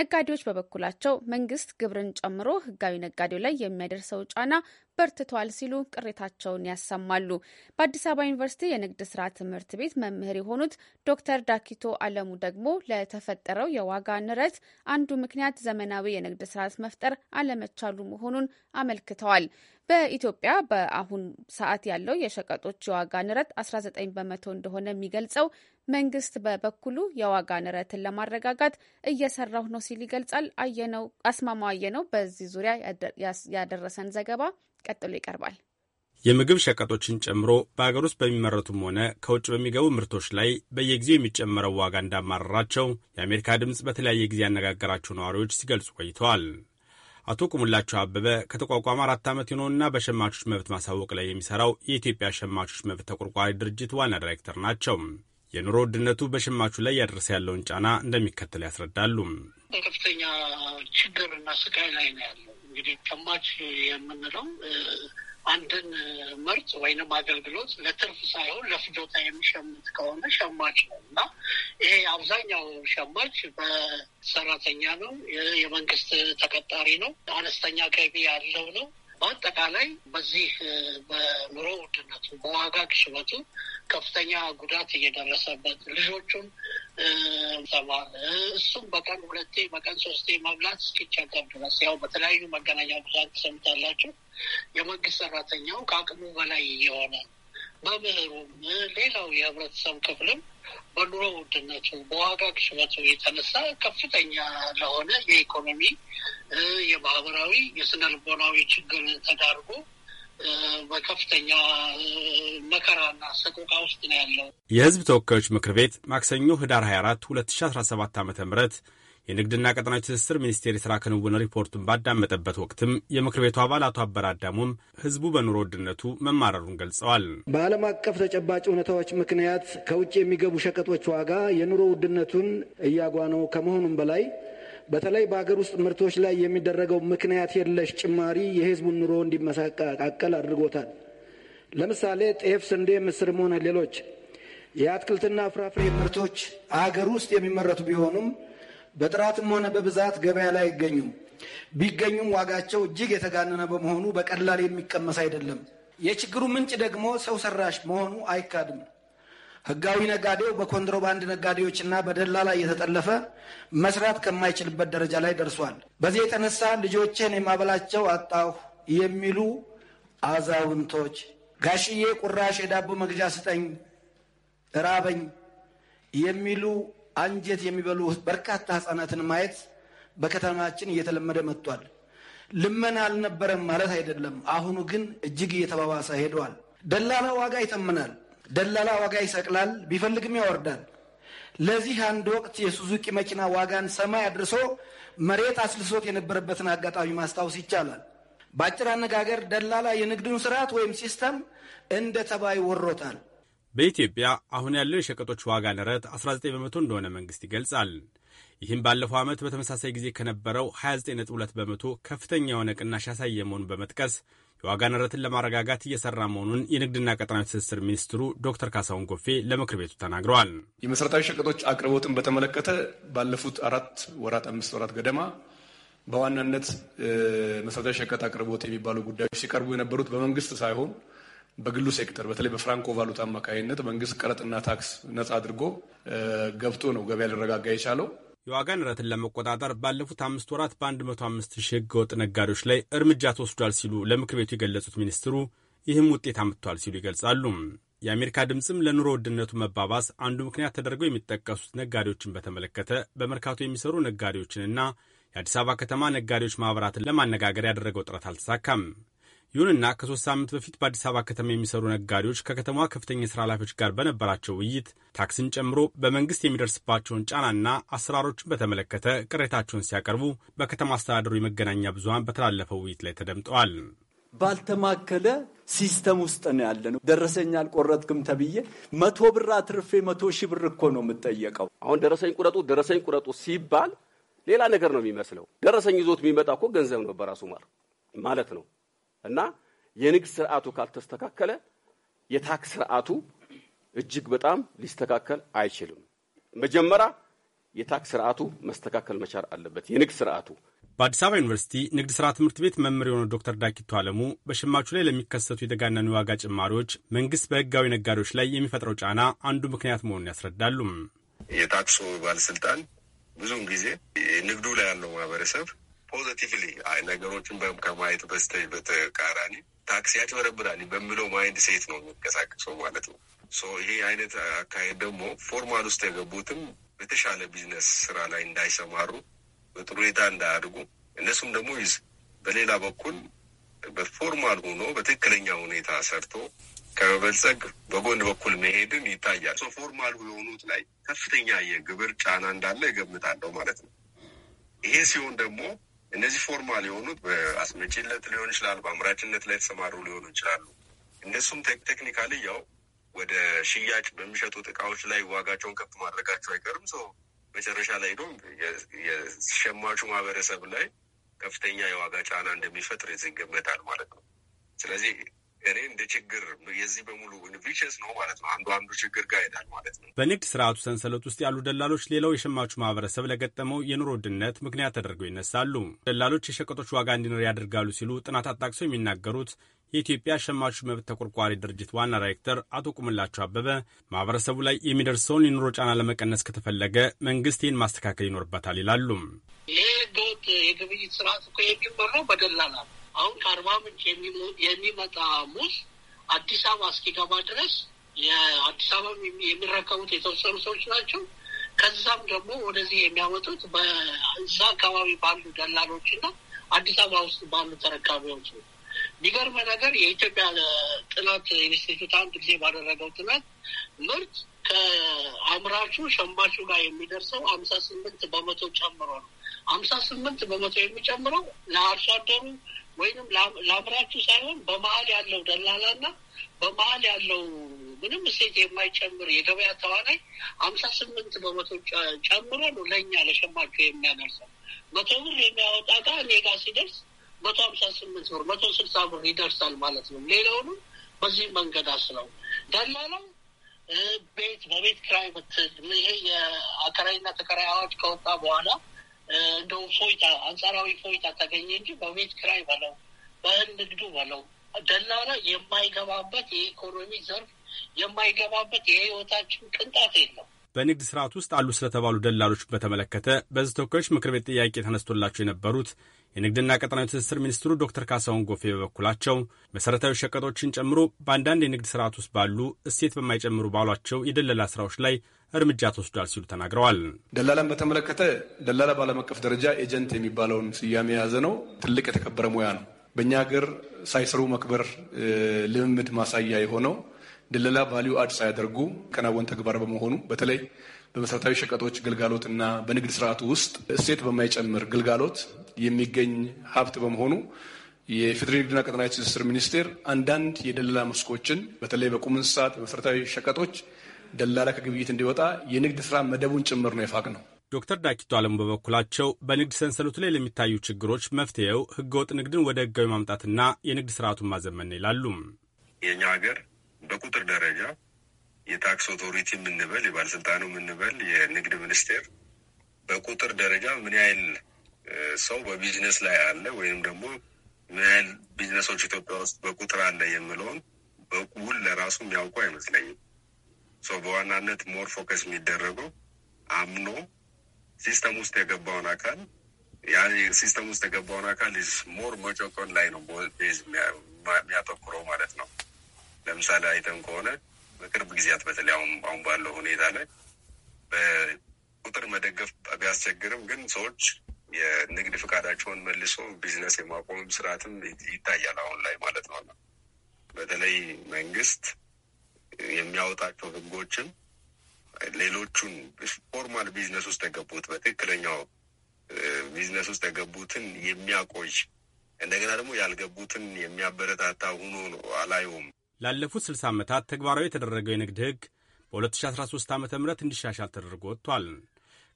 ነጋዴዎች በበኩላቸው መንግስት ግብርን ጨምሮ ህጋዊ ነጋዴው ላይ የሚያደርሰው ጫና በርትቷል ሲሉ ቅሬታቸውን ያሰማሉ። በአዲስ አበባ ዩኒቨርሲቲ የንግድ ስራ ትምህርት ቤት መምህር የሆኑት ዶክተር ዳኪቶ አለሙ ደግሞ ለተፈጠረው የዋጋ ንረት አንዱ ምክንያት ዘመናዊ የንግድ ስርዓት መፍጠር አለመቻሉ መሆኑን አመልክተዋል። በኢትዮጵያ በአሁን ሰዓት ያለው የሸቀጦች የዋጋ ንረት 19 በመቶ እንደሆነ የሚገልጸው መንግስት በበኩሉ የዋጋ ንረትን ለማረጋጋት እየሰራሁ ነው ሲል ይገልጻል። አየነው አስማማው አየነው በዚህ ዙሪያ ያደረሰን ዘገባ ቀጥሎ ይቀርባል። የምግብ ሸቀጦችን ጨምሮ በአገር ውስጥ በሚመረቱም ሆነ ከውጭ በሚገቡ ምርቶች ላይ በየጊዜው የሚጨመረው ዋጋ እንዳማረራቸው የአሜሪካ ድምፅ በተለያየ ጊዜ ያነጋገራቸው ነዋሪዎች ሲገልጹ ቆይተዋል። አቶ ቁሙላቸው አበበ ከተቋቋመ አራት ዓመት የሆነውና በሸማቾች መብት ማሳወቅ ላይ የሚሰራው የኢትዮጵያ ሸማቾች መብት ተቆርቋሪ ድርጅት ዋና ዳይሬክተር ናቸው። የኑሮ ውድነቱ በሸማቹ ላይ ያደረሰ ያለውን ጫና እንደሚከተል ያስረዳሉ። በከፍተኛ ችግርና ስቃይ ላይ ነው ያለው እንግዲህ ሸማች የምንለው አንድን ምርት ወይንም አገልግሎት ለትርፍ ሳይሆን ለፍጆታ የሚሸምት ከሆነ ሸማች ነው እና ይሄ አብዛኛው ሸማች በሰራተኛ ነው፣ የመንግስት ተቀጣሪ ነው፣ አነስተኛ ገቢ ያለው ነው። በአጠቃላይ በዚህ በኑሮ ውድነቱ በዋጋ ግሽበቱ ከፍተኛ ጉዳት እየደረሰበት ልጆቹን እሱም በቀን ሁለቴ በቀን ሶስቴ መብላት እስኪቸገር ድረስ ያው በተለያዩ መገናኛ ብዙኃን ትሰምታላችሁ። የመንግስት ሰራተኛው ከአቅሙ በላይ የሆነ በምህሩም ሌላው የህብረተሰብ ክፍልም በኑሮ ውድነቱ በዋጋ ግሽበቱ የተነሳ ከፍተኛ ለሆነ የኢኮኖሚ፣ የማህበራዊ፣ የስነ ልቦናዊ ችግር ተዳርጎ በከፍተኛ መከራና ሰቆቃ ውስጥ ነው ያለው። የህዝብ ተወካዮች ምክር ቤት ማክሰኞ ህዳር 24 2017 ዓ ም የንግድና ቀጠናዊ ትስስር ሚኒስቴር የሥራ ክንውን ሪፖርቱን ባዳመጠበት ወቅትም የምክር ቤቱ አባል አቶ አበራ አዳሙም ሕዝቡ በኑሮ ውድነቱ መማረሩን ገልጸዋል። በዓለም አቀፍ ተጨባጭ ሁኔታዎች ምክንያት ከውጭ የሚገቡ ሸቀጦች ዋጋ የኑሮ ውድነቱን እያጓነው ከመሆኑም በላይ በተለይ በአገር ውስጥ ምርቶች ላይ የሚደረገው ምክንያት የለሽ ጭማሪ የሕዝቡን ኑሮ እንዲመሰቃቀል አድርጎታል። ለምሳሌ ጤፍ፣ ስንዴ፣ ምስርም ሆነ ሌሎች የአትክልትና ፍራፍሬ ምርቶች አገር ውስጥ የሚመረቱ ቢሆኑም በጥራትም ሆነ በብዛት ገበያ ላይ አይገኙም። ቢገኙም ዋጋቸው እጅግ የተጋነነ በመሆኑ በቀላል የሚቀመስ አይደለም። የችግሩ ምንጭ ደግሞ ሰው ሰራሽ መሆኑ አይካድም። ህጋዊ ነጋዴው በኮንትሮባንድ ነጋዴዎችና በደላላ እየተጠለፈ መስራት ከማይችልበት ደረጃ ላይ ደርሷል። በዚህ የተነሳ ልጆችን የማበላቸው አጣሁ የሚሉ አዛውንቶች ጋሽዬ ቁራሽ የዳቦ መግዣ ስጠኝ እራበኝ የሚሉ አንጀት የሚበሉ በርካታ ህጻናትን ማየት በከተማችን እየተለመደ መጥቷል። ልመና አልነበረም ማለት አይደለም። አሁኑ ግን እጅግ እየተባባሰ ሄደዋል። ደላላ ዋጋ ይተምናል። ደላላ ዋጋ ይሰቅላል፣ ቢፈልግም ያወርዳል። ለዚህ አንድ ወቅት የሱዙቂ መኪና ዋጋን ሰማይ አድርሶ መሬት አስልሶት የነበረበትን አጋጣሚ ማስታወስ ይቻላል። በአጭር አነጋገር ደላላ የንግዱን ስርዓት ወይም ሲስተም እንደ ተባይ ወሮታል። በኢትዮጵያ አሁን ያለው የሸቀጦች ዋጋ ንረት 19 በመቶ እንደሆነ መንግሥት ይገልጻል። ይህም ባለፈው ዓመት በተመሳሳይ ጊዜ ከነበረው 29.2 በመቶ ከፍተኛ የሆነ ቅናሽ ያሳየ መሆኑን በመጥቀስ የዋጋ ንረትን ለማረጋጋት እየሰራ መሆኑን የንግድና ቀጣናዊ ትስስር ሚኒስትሩ ዶክተር ካሳሁን ጎፌ ለምክር ቤቱ ተናግረዋል። የመሠረታዊ ሸቀጦች አቅርቦትን በተመለከተ ባለፉት አራት ወራት አምስት ወራት ገደማ በዋናነት መሠረታዊ ሸቀጥ አቅርቦት የሚባሉ ጉዳዮች ሲቀርቡ የነበሩት በመንግስት ሳይሆን በግሉ ሴክተር በተለይ በፍራንኮ ቫሉት አማካኝነት መንግስት ቀረጥና ታክስ ነጻ አድርጎ ገብቶ ነው ገበያ ሊረጋጋ የቻለው። የዋጋ ንረትን ለመቆጣጠር ባለፉት አምስት ወራት በ105 ሺህ ህገወጥ ነጋዴዎች ላይ እርምጃ ተወስዷል ሲሉ ለምክር ቤቱ የገለጹት ሚኒስትሩ ይህም ውጤት አምጥቷል ሲሉ ይገልጻሉ። የአሜሪካ ድምፅም ለኑሮ ውድነቱ መባባስ አንዱ ምክንያት ተደርገው የሚጠቀሱት ነጋዴዎችን በተመለከተ በመርካቶ የሚሰሩ ነጋዴዎችንና የአዲስ አበባ ከተማ ነጋዴዎች ማኅበራትን ለማነጋገር ያደረገው ጥረት አልተሳካም። ይሁንና ከሶስት ሳምንት በፊት በአዲስ አበባ ከተማ የሚሰሩ ነጋዴዎች ከከተማዋ ከፍተኛ የሥራ ኃላፊዎች ጋር በነበራቸው ውይይት ታክስን ጨምሮ በመንግሥት የሚደርስባቸውን ጫናና አሰራሮችን በተመለከተ ቅሬታቸውን ሲያቀርቡ በከተማ አስተዳደሩ የመገናኛ ብዙሀን በተላለፈው ውይይት ላይ ተደምጠዋል። ባልተማከለ ሲስተም ውስጥ ነው ያለ ነው። ደረሰኝ አልቆረጥክም ተብዬ መቶ ብር አትርፌ መቶ ሺህ ብር እኮ ነው የምጠየቀው። አሁን ደረሰኝ ቁረጡ ደረሰኝ ቁረጡ ሲባል ሌላ ነገር ነው የሚመስለው። ደረሰኝ ይዞት የሚመጣ እኮ ገንዘብ ነው በራሱ ማር ማለት ነው። እና የንግድ ስርዓቱ ካልተስተካከለ የታክስ ስርዓቱ እጅግ በጣም ሊስተካከል አይችልም። መጀመሪያ የታክስ ስርዓቱ መስተካከል መቻል አለበት፣ የንግድ ስርዓቱ። በአዲስ አበባ ዩኒቨርሲቲ ንግድ ሥራ ትምህርት ቤት መምህር የሆነው ዶክተር ዳኪቶ አለሙ በሸማቹ ላይ ለሚከሰቱ የተጋነኑ ዋጋ ጭማሪዎች መንግስት በህጋዊ ነጋዴዎች ላይ የሚፈጥረው ጫና አንዱ ምክንያት መሆኑን ያስረዳሉም። የታክሱ ባለስልጣን ብዙውን ጊዜ ንግዱ ላይ ያለው ማህበረሰብ ፖዘቲቭሊ ነገሮችን ከማየት በስተ በተቃራኒ ታክሲ ያጭበረብራል በሚለው ማይንድ ሴት ነው የሚንቀሳቀሰው ማለት ነው። ሶ ይሄ አይነት አካሄድ ደግሞ ፎርማል ውስጥ የገቡትም በተሻለ ቢዝነስ ስራ ላይ እንዳይሰማሩ በጥሩ ሁኔታ እንዳያድጉ እነሱም ደግሞ ይዝ በሌላ በኩል በፎርማል ሆኖ በትክክለኛ ሁኔታ ሰርቶ ከመበልጸግ በጎን በኩል መሄድም ይታያል። ፎርማል የሆኑት ላይ ከፍተኛ የግብር ጫና እንዳለ እገምታለሁ ማለት ነው። ይሄ ሲሆን ደግሞ እነዚህ ፎርማል የሆኑት በአስመጪነት ሊሆን ይችላል፣ በአምራችነት ላይ የተሰማሩ ሊሆኑ ይችላሉ። እነሱም ቴክኒካሊ ያው ወደ ሽያጭ በሚሸጡት እቃዎች ላይ ዋጋቸውን ከፍ ማድረጋቸው አይቀርም። ሰው መጨረሻ ላይ ደም የሸማቹ ማህበረሰብ ላይ ከፍተኛ የዋጋ ጫና እንደሚፈጥር ይገመታል ማለት ነው። ስለዚህ እኔ እንደ ችግር የዚህ በሙሉ ቪቸስ ነው ማለት ነው። አንዱ አንዱ ችግር ጋር ይሄዳል ማለት ነው። በንግድ ስርዓቱ ሰንሰለት ውስጥ ያሉ ደላሎች ሌላው የሸማቹ ማህበረሰብ ለገጠመው የኑሮ ውድነት ምክንያት ተደርገው ይነሳሉ። ደላሎች የሸቀጦች ዋጋ እንዲኖር ያደርጋሉ ሲሉ ጥናት አጣቅሰው የሚናገሩት የኢትዮጵያ ሸማቹ መብት ተቆርቋሪ ድርጅት ዋና ዳይሬክተር አቶ ቁምላቸው አበበ ማህበረሰቡ ላይ የሚደርሰውን የኑሮ ጫና ለመቀነስ ከተፈለገ መንግስት ይህን ማስተካከል ይኖርበታል ይላሉ። ይህ ህገወጥ የግብይት ስርዓት እኮ የሚመራው በደላላ ነው። አሁን ከአርባ ምንጭ የሚመጣ ሙዝ አዲስ አበባ እስኪገባ ድረስ የአዲስ አበባ የሚረከቡት የተወሰኑ ሰዎች ናቸው። ከዛም ደግሞ ወደዚህ የሚያመጡት በዛ አካባቢ ባሉ ደላሎች እና አዲስ አበባ ውስጥ ባሉ ተረካቢዎች ነው። የሚገርም ነገር የኢትዮጵያ ጥናት ኢንስቲትዩት አንድ ጊዜ ባደረገው ጥናት ምርት ከአምራቹ ሸማቹ ጋር የሚደርሰው አምሳ ስምንት በመቶ ጨምሮ ነው። አምሳ ስምንት በመቶ የሚጨምረው ለአርሶ አደሩ ወይንም ላምራችሁ ሳይሆን በመሀል ያለው ደላላና በመሀል ያለው ምንም እሴት የማይጨምር የገበያ ተዋናይ አምሳ ስምንት በመቶ ጨምሮ ነው ለእኛ ለሸማቸው የሚያደርሰው። መቶ ብር የሚያወጣ ጋ እኔ ጋ ሲደርስ መቶ ሀምሳ ስምንት ብር መቶ ስልሳ ብር ይደርሳል ማለት ነው። ሌላውንም በዚህ መንገድ አስለው ደላላው ቤት በቤት ክራይ ብትል ይሄ የአከራይና ተከራይ አዋጅ ከወጣ በኋላ እንደው ፎይታ አንጻራዊ ፎይታ ተገኘ እንጂ በቤት ክራይ በለው በንግዱ ንግዱ በለው ደላላ የማይገባበት የኢኮኖሚ ዘርፍ የማይገባበት የህይወታችን ቅንጣት የለም። በንግድ ስርዓት ውስጥ አሉ ስለተባሉ ደላሎች በተመለከተ በዚህ ተወካዮች ምክር ቤት ጥያቄ ተነስቶላቸው የነበሩት የንግድና ቀጠናዊ ትስስር ሚኒስትሩ ዶክተር ካሳሁን ጎፌ በበኩላቸው መሠረታዊ ሸቀጦችን ጨምሮ በአንዳንድ የንግድ ስርዓት ውስጥ ባሉ እሴት በማይጨምሩ ባሏቸው የደለላ ስራዎች ላይ እርምጃ ተወስዷል ሲሉ ተናግረዋል። ደላላን በተመለከተ ደላላ በዓለም አቀፍ ደረጃ ኤጀንት የሚባለውን ስያሜ የያዘ ነው። ትልቅ የተከበረ ሙያ ነው። በእኛ ሀገር ሳይሰሩ መክበር ልምምድ ማሳያ የሆነው ደላላ ቫሊዩ አድ ሳያደርጉ ከናወን ተግባር በመሆኑ በተለይ በመሰረታዊ ሸቀጦች ግልጋሎት እና በንግድ ስርዓቱ ውስጥ እሴት በማይጨምር ግልጋሎት የሚገኝ ሀብት በመሆኑ የፌዴራል ንግድና ቀጠናዊ ትስስር ሚኒስቴር አንዳንድ የደለላ መስኮችን በተለይ በቁም እንስሳት፣ በመሰረታዊ ሸቀጦች ደላላ ከግብይት እንዲወጣ የንግድ ስራ መደቡን ጭምር ነው የፋቅ ነው። ዶክተር ዳኪቶ አለሙ በበኩላቸው በንግድ ሰንሰለቱ ላይ ለሚታዩ ችግሮች መፍትሄው ህገወጥ ንግድን ወደ ህጋዊ ማምጣትና የንግድ ስርዓቱን ማዘመን ይላሉም። የእኛ ሀገር በቁጥር ደረጃ የታክስ ኦቶሪቲ የምንበል የባለስልጣኑ የምንበል የንግድ ሚኒስቴር በቁጥር ደረጃ ምን ያህል ሰው በቢዝነስ ላይ አለ ወይም ደግሞ ምን ያህል ቢዝነሶች ኢትዮጵያ ውስጥ በቁጥር አለ የምለውን በውል ለራሱ የሚያውቁ አይመስለኝም። ሰው በዋናነት ሞር ፎከስ የሚደረገው አምኖ ሲስተም ውስጥ የገባውን አካል ሲስተም ውስጥ የገባውን አካል ሞር መጮቆን ላይ ነው ቤዝ የሚያተኩረው ማለት ነው። ለምሳሌ አይተን ከሆነ በቅርብ ጊዜያት በተለይ አሁን ባለው ሁኔታ ላይ በቁጥር መደገፍ ቢያስቸግርም ግን ሰዎች የንግድ ፍቃዳቸውን መልሶ ቢዝነስ የማቆም ስርዓትም ይታያል አሁን ላይ ማለት ነው። በተለይ መንግስት የሚያወጣቸው ህጎችን ሌሎቹን ፎርማል ቢዝነስ ውስጥ የገቡት በትክክለኛው ቢዝነስ ውስጥ የገቡትን የሚያቆይ እንደገና ደግሞ ያልገቡትን የሚያበረታታ ሆኖ አላየውም። ላለፉት ስልሳ ዓመታት ተግባራዊ የተደረገው የንግድ ህግ በ2013 ዓ ም እንዲሻሻል ተደርጎ ወጥቷል።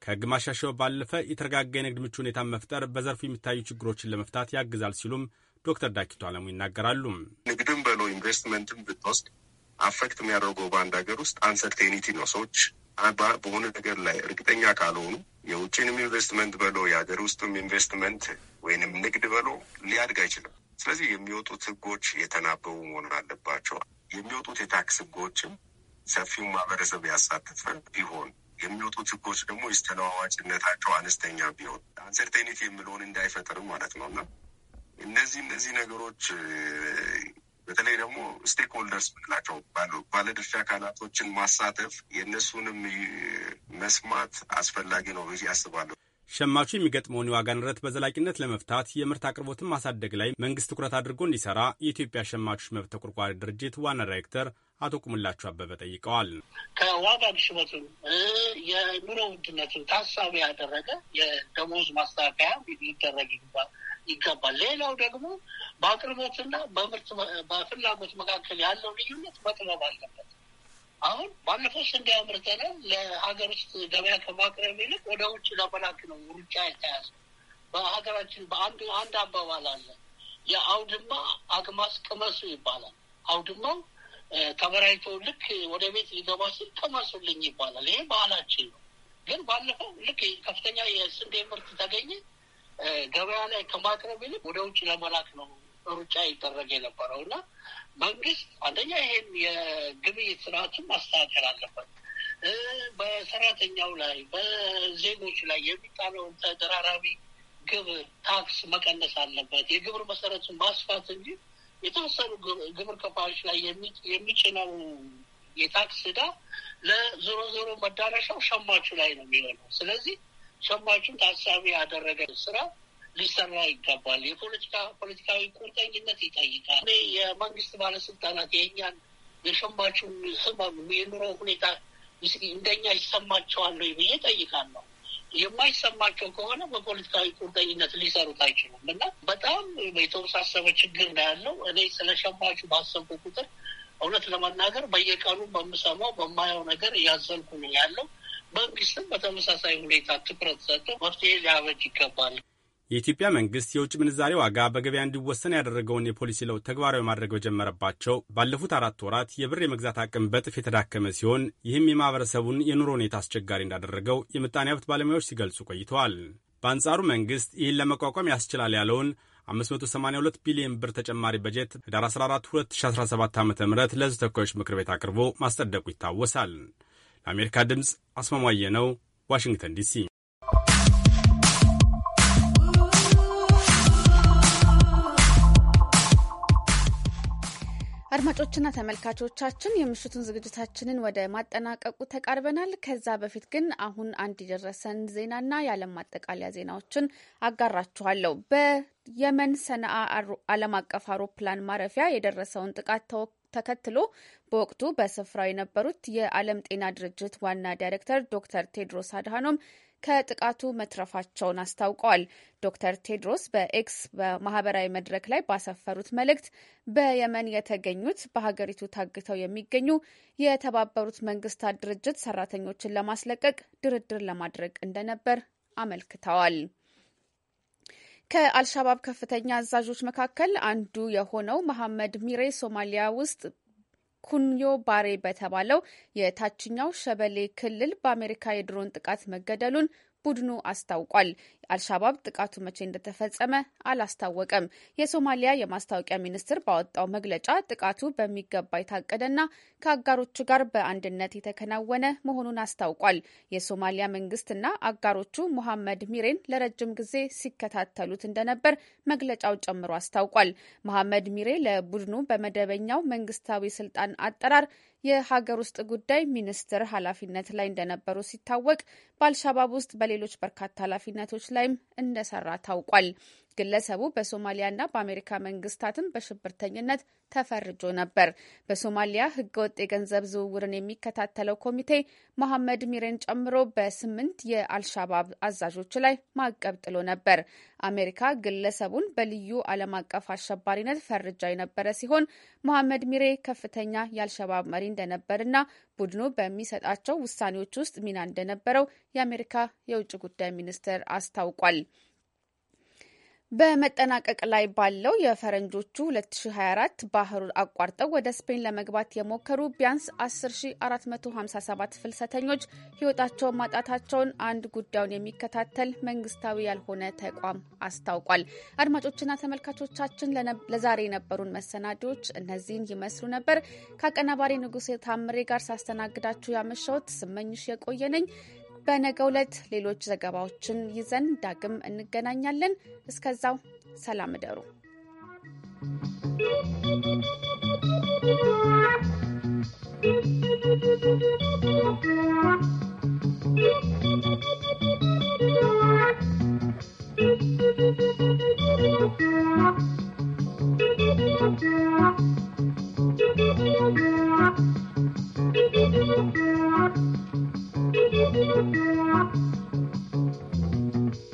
ከህግ ማሻሻው ባለፈ የተረጋጋ የንግድ ምቹ ሁኔታን መፍጠር በዘርፉ የሚታዩ ችግሮችን ለመፍታት ያግዛል ሲሉም ዶክተር ዳኪቶ አለሙ ይናገራሉ። ንግድም በሎ ኢንቨስትመንትም ብትወስድ አፌክት የሚያደርገው በአንድ ሀገር ውስጥ አንሰርቴኒቲ ነው። ሰዎች በሆነ ነገር ላይ እርግጠኛ ካልሆኑ የውጭንም ኢንቨስትመንት በሎ የሀገር ውስጥም ኢንቨስትመንት ወይንም ንግድ በሎ ሊያድግ አይችልም። ስለዚህ የሚወጡት ህጎች የተናበቡ መሆን አለባቸው። የሚወጡት የታክስ ህጎችም ሰፊውን ማህበረሰብ ያሳተፈ ቢሆን የሚወጡት ህጎች ደግሞ የስተለዋዋጭነታቸው አነስተኛ ቢሆን አንሰርቴኒቲ የምለውን እንዳይፈጠርም ማለት ነው እና እነዚህ እነዚህ ነገሮች በተለይ ደግሞ ስቴክ ሆልደርስ ምንላቸው ባለድርሻ አካላቶችን ማሳተፍ የእነሱንም መስማት አስፈላጊ ነው ብዬ አስባለሁ። ሸማቹ የሚገጥመውን የዋጋ ንረት በዘላቂነት ለመፍታት የምርት አቅርቦትን ማሳደግ ላይ መንግስት ትኩረት አድርጎ እንዲሰራ የኢትዮጵያ ሸማቾች መብት ተቆርቋሪ ድርጅት ዋና ዳይሬክተር አቶ ቁምላቸው አበበ ጠይቀዋል። ከዋጋ ግሽበቱን የኑሮ ውድነቱን ታሳቢ ያደረገ የደሞዝ ማስተካከያ ሊደረግ ይገባል። ይገባል። ሌላው ደግሞ በአቅርቦትና በምርት በፍላጎት መካከል ያለው ልዩነት መጥበብ አለበት። አሁን ባለፈው ስንዴ አምርተናል ለሀገር ውስጥ ገበያ ከማቅረብ ይልቅ ወደ ውጭ ለመላክ ነው ሩጫ የተያዘ። በሀገራችን በአንድ አንድ አባባል አለ የአውድማ አግማስ ቅመሱ ይባላል። አውድማው ተበራይቶ ልክ ወደ ቤት ሊገባ ሲል ቅመሱልኝ ይባላል። ይሄ ባህላችን ነው። ግን ባለፈው ልክ ከፍተኛ የስንዴ ምርት ተገኘ ገበያ ላይ ከማቅረብ ይልቅ ወደ ውጭ ለመላክ ነው ሩጫ ይደረግ የነበረው እና መንግስት አንደኛ ይሄን የግብይት ስርዓቱን ማስተካከል አለበት። በሰራተኛው ላይ በዜጎች ላይ የሚጣለውን ተደራራቢ ግብር ታክስ መቀነስ አለበት። የግብር መሰረቱን ማስፋት እንጂ የተወሰኑ ግብር ከፋዮች ላይ የሚጭነው የታክስ ዕዳ ለዞሮ ዞሮ መዳረሻው ሸማቹ ላይ ነው የሚሆነው። ስለዚህ ሸማቹን ታሳቢ ያደረገ ስራ ሊሰራ ይገባል። የፖለቲካ ፖለቲካዊ ቁርጠኝነት ይጠይቃል። እኔ የመንግስት ባለስልጣናት የእኛን የሸማቹን ህመም፣ የኑሮ ሁኔታ እንደኛ ይሰማቸዋል ብዬ እጠይቃለሁ። የማይሰማቸው ከሆነ በፖለቲካዊ ቁርጠኝነት ሊሰሩት አይችሉም እና በጣም የተወሳሰበ ችግር ነው ያለው። እኔ ስለ ሸማቹ ባሰብኩ ቁጥር እውነት ለመናገር በየቀኑ በምሰማው በማየው ነገር እያዘንኩ ነው ያለው። መንግስትም በተመሳሳይ ሁኔታ ትኩረት ሰጥቶ መፍትሄ ሊያበጅ ይገባል። የኢትዮጵያ መንግስት የውጭ ምንዛሬ ዋጋ በገበያ እንዲወሰን ያደረገውን የፖሊሲ ለውጥ ተግባራዊ ማድረግ በጀመረባቸው ባለፉት አራት ወራት የብር የመግዛት አቅም በጥፍ የተዳከመ ሲሆን ይህም የማህበረሰቡን የኑሮ ሁኔታ አስቸጋሪ እንዳደረገው የምጣኔ ሀብት ባለሙያዎች ሲገልጹ ቆይተዋል። በአንጻሩ መንግስት ይህን ለመቋቋም ያስችላል ያለውን 582 ቢሊዮን ብር ተጨማሪ በጀት ህዳር 14 2017 ዓ ም ለህዝብ ተወካዮች ምክር ቤት አቅርቦ ማስጸደቁ ይታወሳል። ለአሜሪካ ድምፅ አስማማየ ነው፣ ዋሽንግተን ዲሲ። አድማጮችና ተመልካቾቻችን የምሽቱን ዝግጅታችንን ወደ ማጠናቀቁ ተቃርበናል። ከዛ በፊት ግን አሁን አንድ የደረሰን ዜናና የዓለም ማጠቃለያ ዜናዎችን አጋራችኋለሁ። በየመን ሰነአ ዓለም አቀፍ አውሮፕላን ማረፊያ የደረሰውን ጥቃት ተወክ ተከትሎ በወቅቱ በስፍራው የነበሩት የዓለም ጤና ድርጅት ዋና ዳይሬክተር ዶክተር ቴድሮስ አድሃኖም ከጥቃቱ መትረፋቸውን አስታውቀዋል። ዶክተር ቴድሮስ በኤክስ በማህበራዊ መድረክ ላይ ባሰፈሩት መልእክት በየመን የተገኙት በሀገሪቱ ታግተው የሚገኙ የተባበሩት መንግስታት ድርጅት ሰራተኞችን ለማስለቀቅ ድርድር ለማድረግ እንደነበር አመልክተዋል። ከአልሻባብ ከፍተኛ አዛዦች መካከል አንዱ የሆነው መሐመድ ሚሬ ሶማሊያ ውስጥ ኩንዮ ባሬ በተባለው የታችኛው ሸበሌ ክልል በአሜሪካ የድሮን ጥቃት መገደሉን ቡድኑ አስታውቋል። አልሻባብ ጥቃቱ መቼ እንደተፈጸመ አላስታወቀም። የሶማሊያ የማስታወቂያ ሚኒስትር ባወጣው መግለጫ ጥቃቱ በሚገባ የታቀደና ከአጋሮቹ ጋር በአንድነት የተከናወነ መሆኑን አስታውቋል። የሶማሊያ መንግስትና አጋሮቹ መሐመድ ሚሬን ለረጅም ጊዜ ሲከታተሉት እንደነበር መግለጫው ጨምሮ አስታውቋል። መሐመድ ሚሬ ለቡድኑ በመደበኛው መንግስታዊ ስልጣን አጠራር የሀገር ውስጥ ጉዳይ ሚኒስትር ኃላፊነት ላይ እንደነበሩ ሲታወቅ በአልሻባብ ውስጥ በሌሎች በርካታ ኃላፊነቶች ላይ ላይም እንደሰራ ታውቋል። ግለሰቡ በሶማሊያና በአሜሪካ መንግስታትም በሽብርተኝነት ተፈርጆ ነበር። በሶማሊያ ህገወጥ የገንዘብ ዝውውርን የሚከታተለው ኮሚቴ መሐመድ ሚሬን ጨምሮ በስምንት የአልሻባብ አዛዦች ላይ ማዕቀብ ጥሎ ነበር። አሜሪካ ግለሰቡን በልዩ ዓለም አቀፍ አሸባሪነት ፈርጃ የነበረ ሲሆን መሐመድ ሚሬ ከፍተኛ የአልሸባብ መሪ እንደነበርና ቡድኑ በሚሰጣቸው ውሳኔዎች ውስጥ ሚና እንደነበረው የአሜሪካ የውጭ ጉዳይ ሚኒስትር አስታውቋል። በመጠናቀቅ ላይ ባለው የፈረንጆቹ 2024 ባህሩን አቋርጠው ወደ ስፔን ለመግባት የሞከሩ ቢያንስ 10457 ፍልሰተኞች ሕይወታቸውን ማጣታቸውን አንድ ጉዳዩን የሚከታተል መንግስታዊ ያልሆነ ተቋም አስታውቋል። አድማጮችና ተመልካቾቻችን ለዛሬ የነበሩን መሰናዶዎች እነዚህን ይመስሉ ነበር። ከአቀናባሪ ንጉሴ ታምሬ ጋር ሳስተናግዳችሁ ያመሸሁት ስመኝሽ የቆየነኝ በነገ ዕለት ሌሎች ዘገባዎችን ይዘን ዳግም እንገናኛለን። እስከዛው ሰላም እደሩ።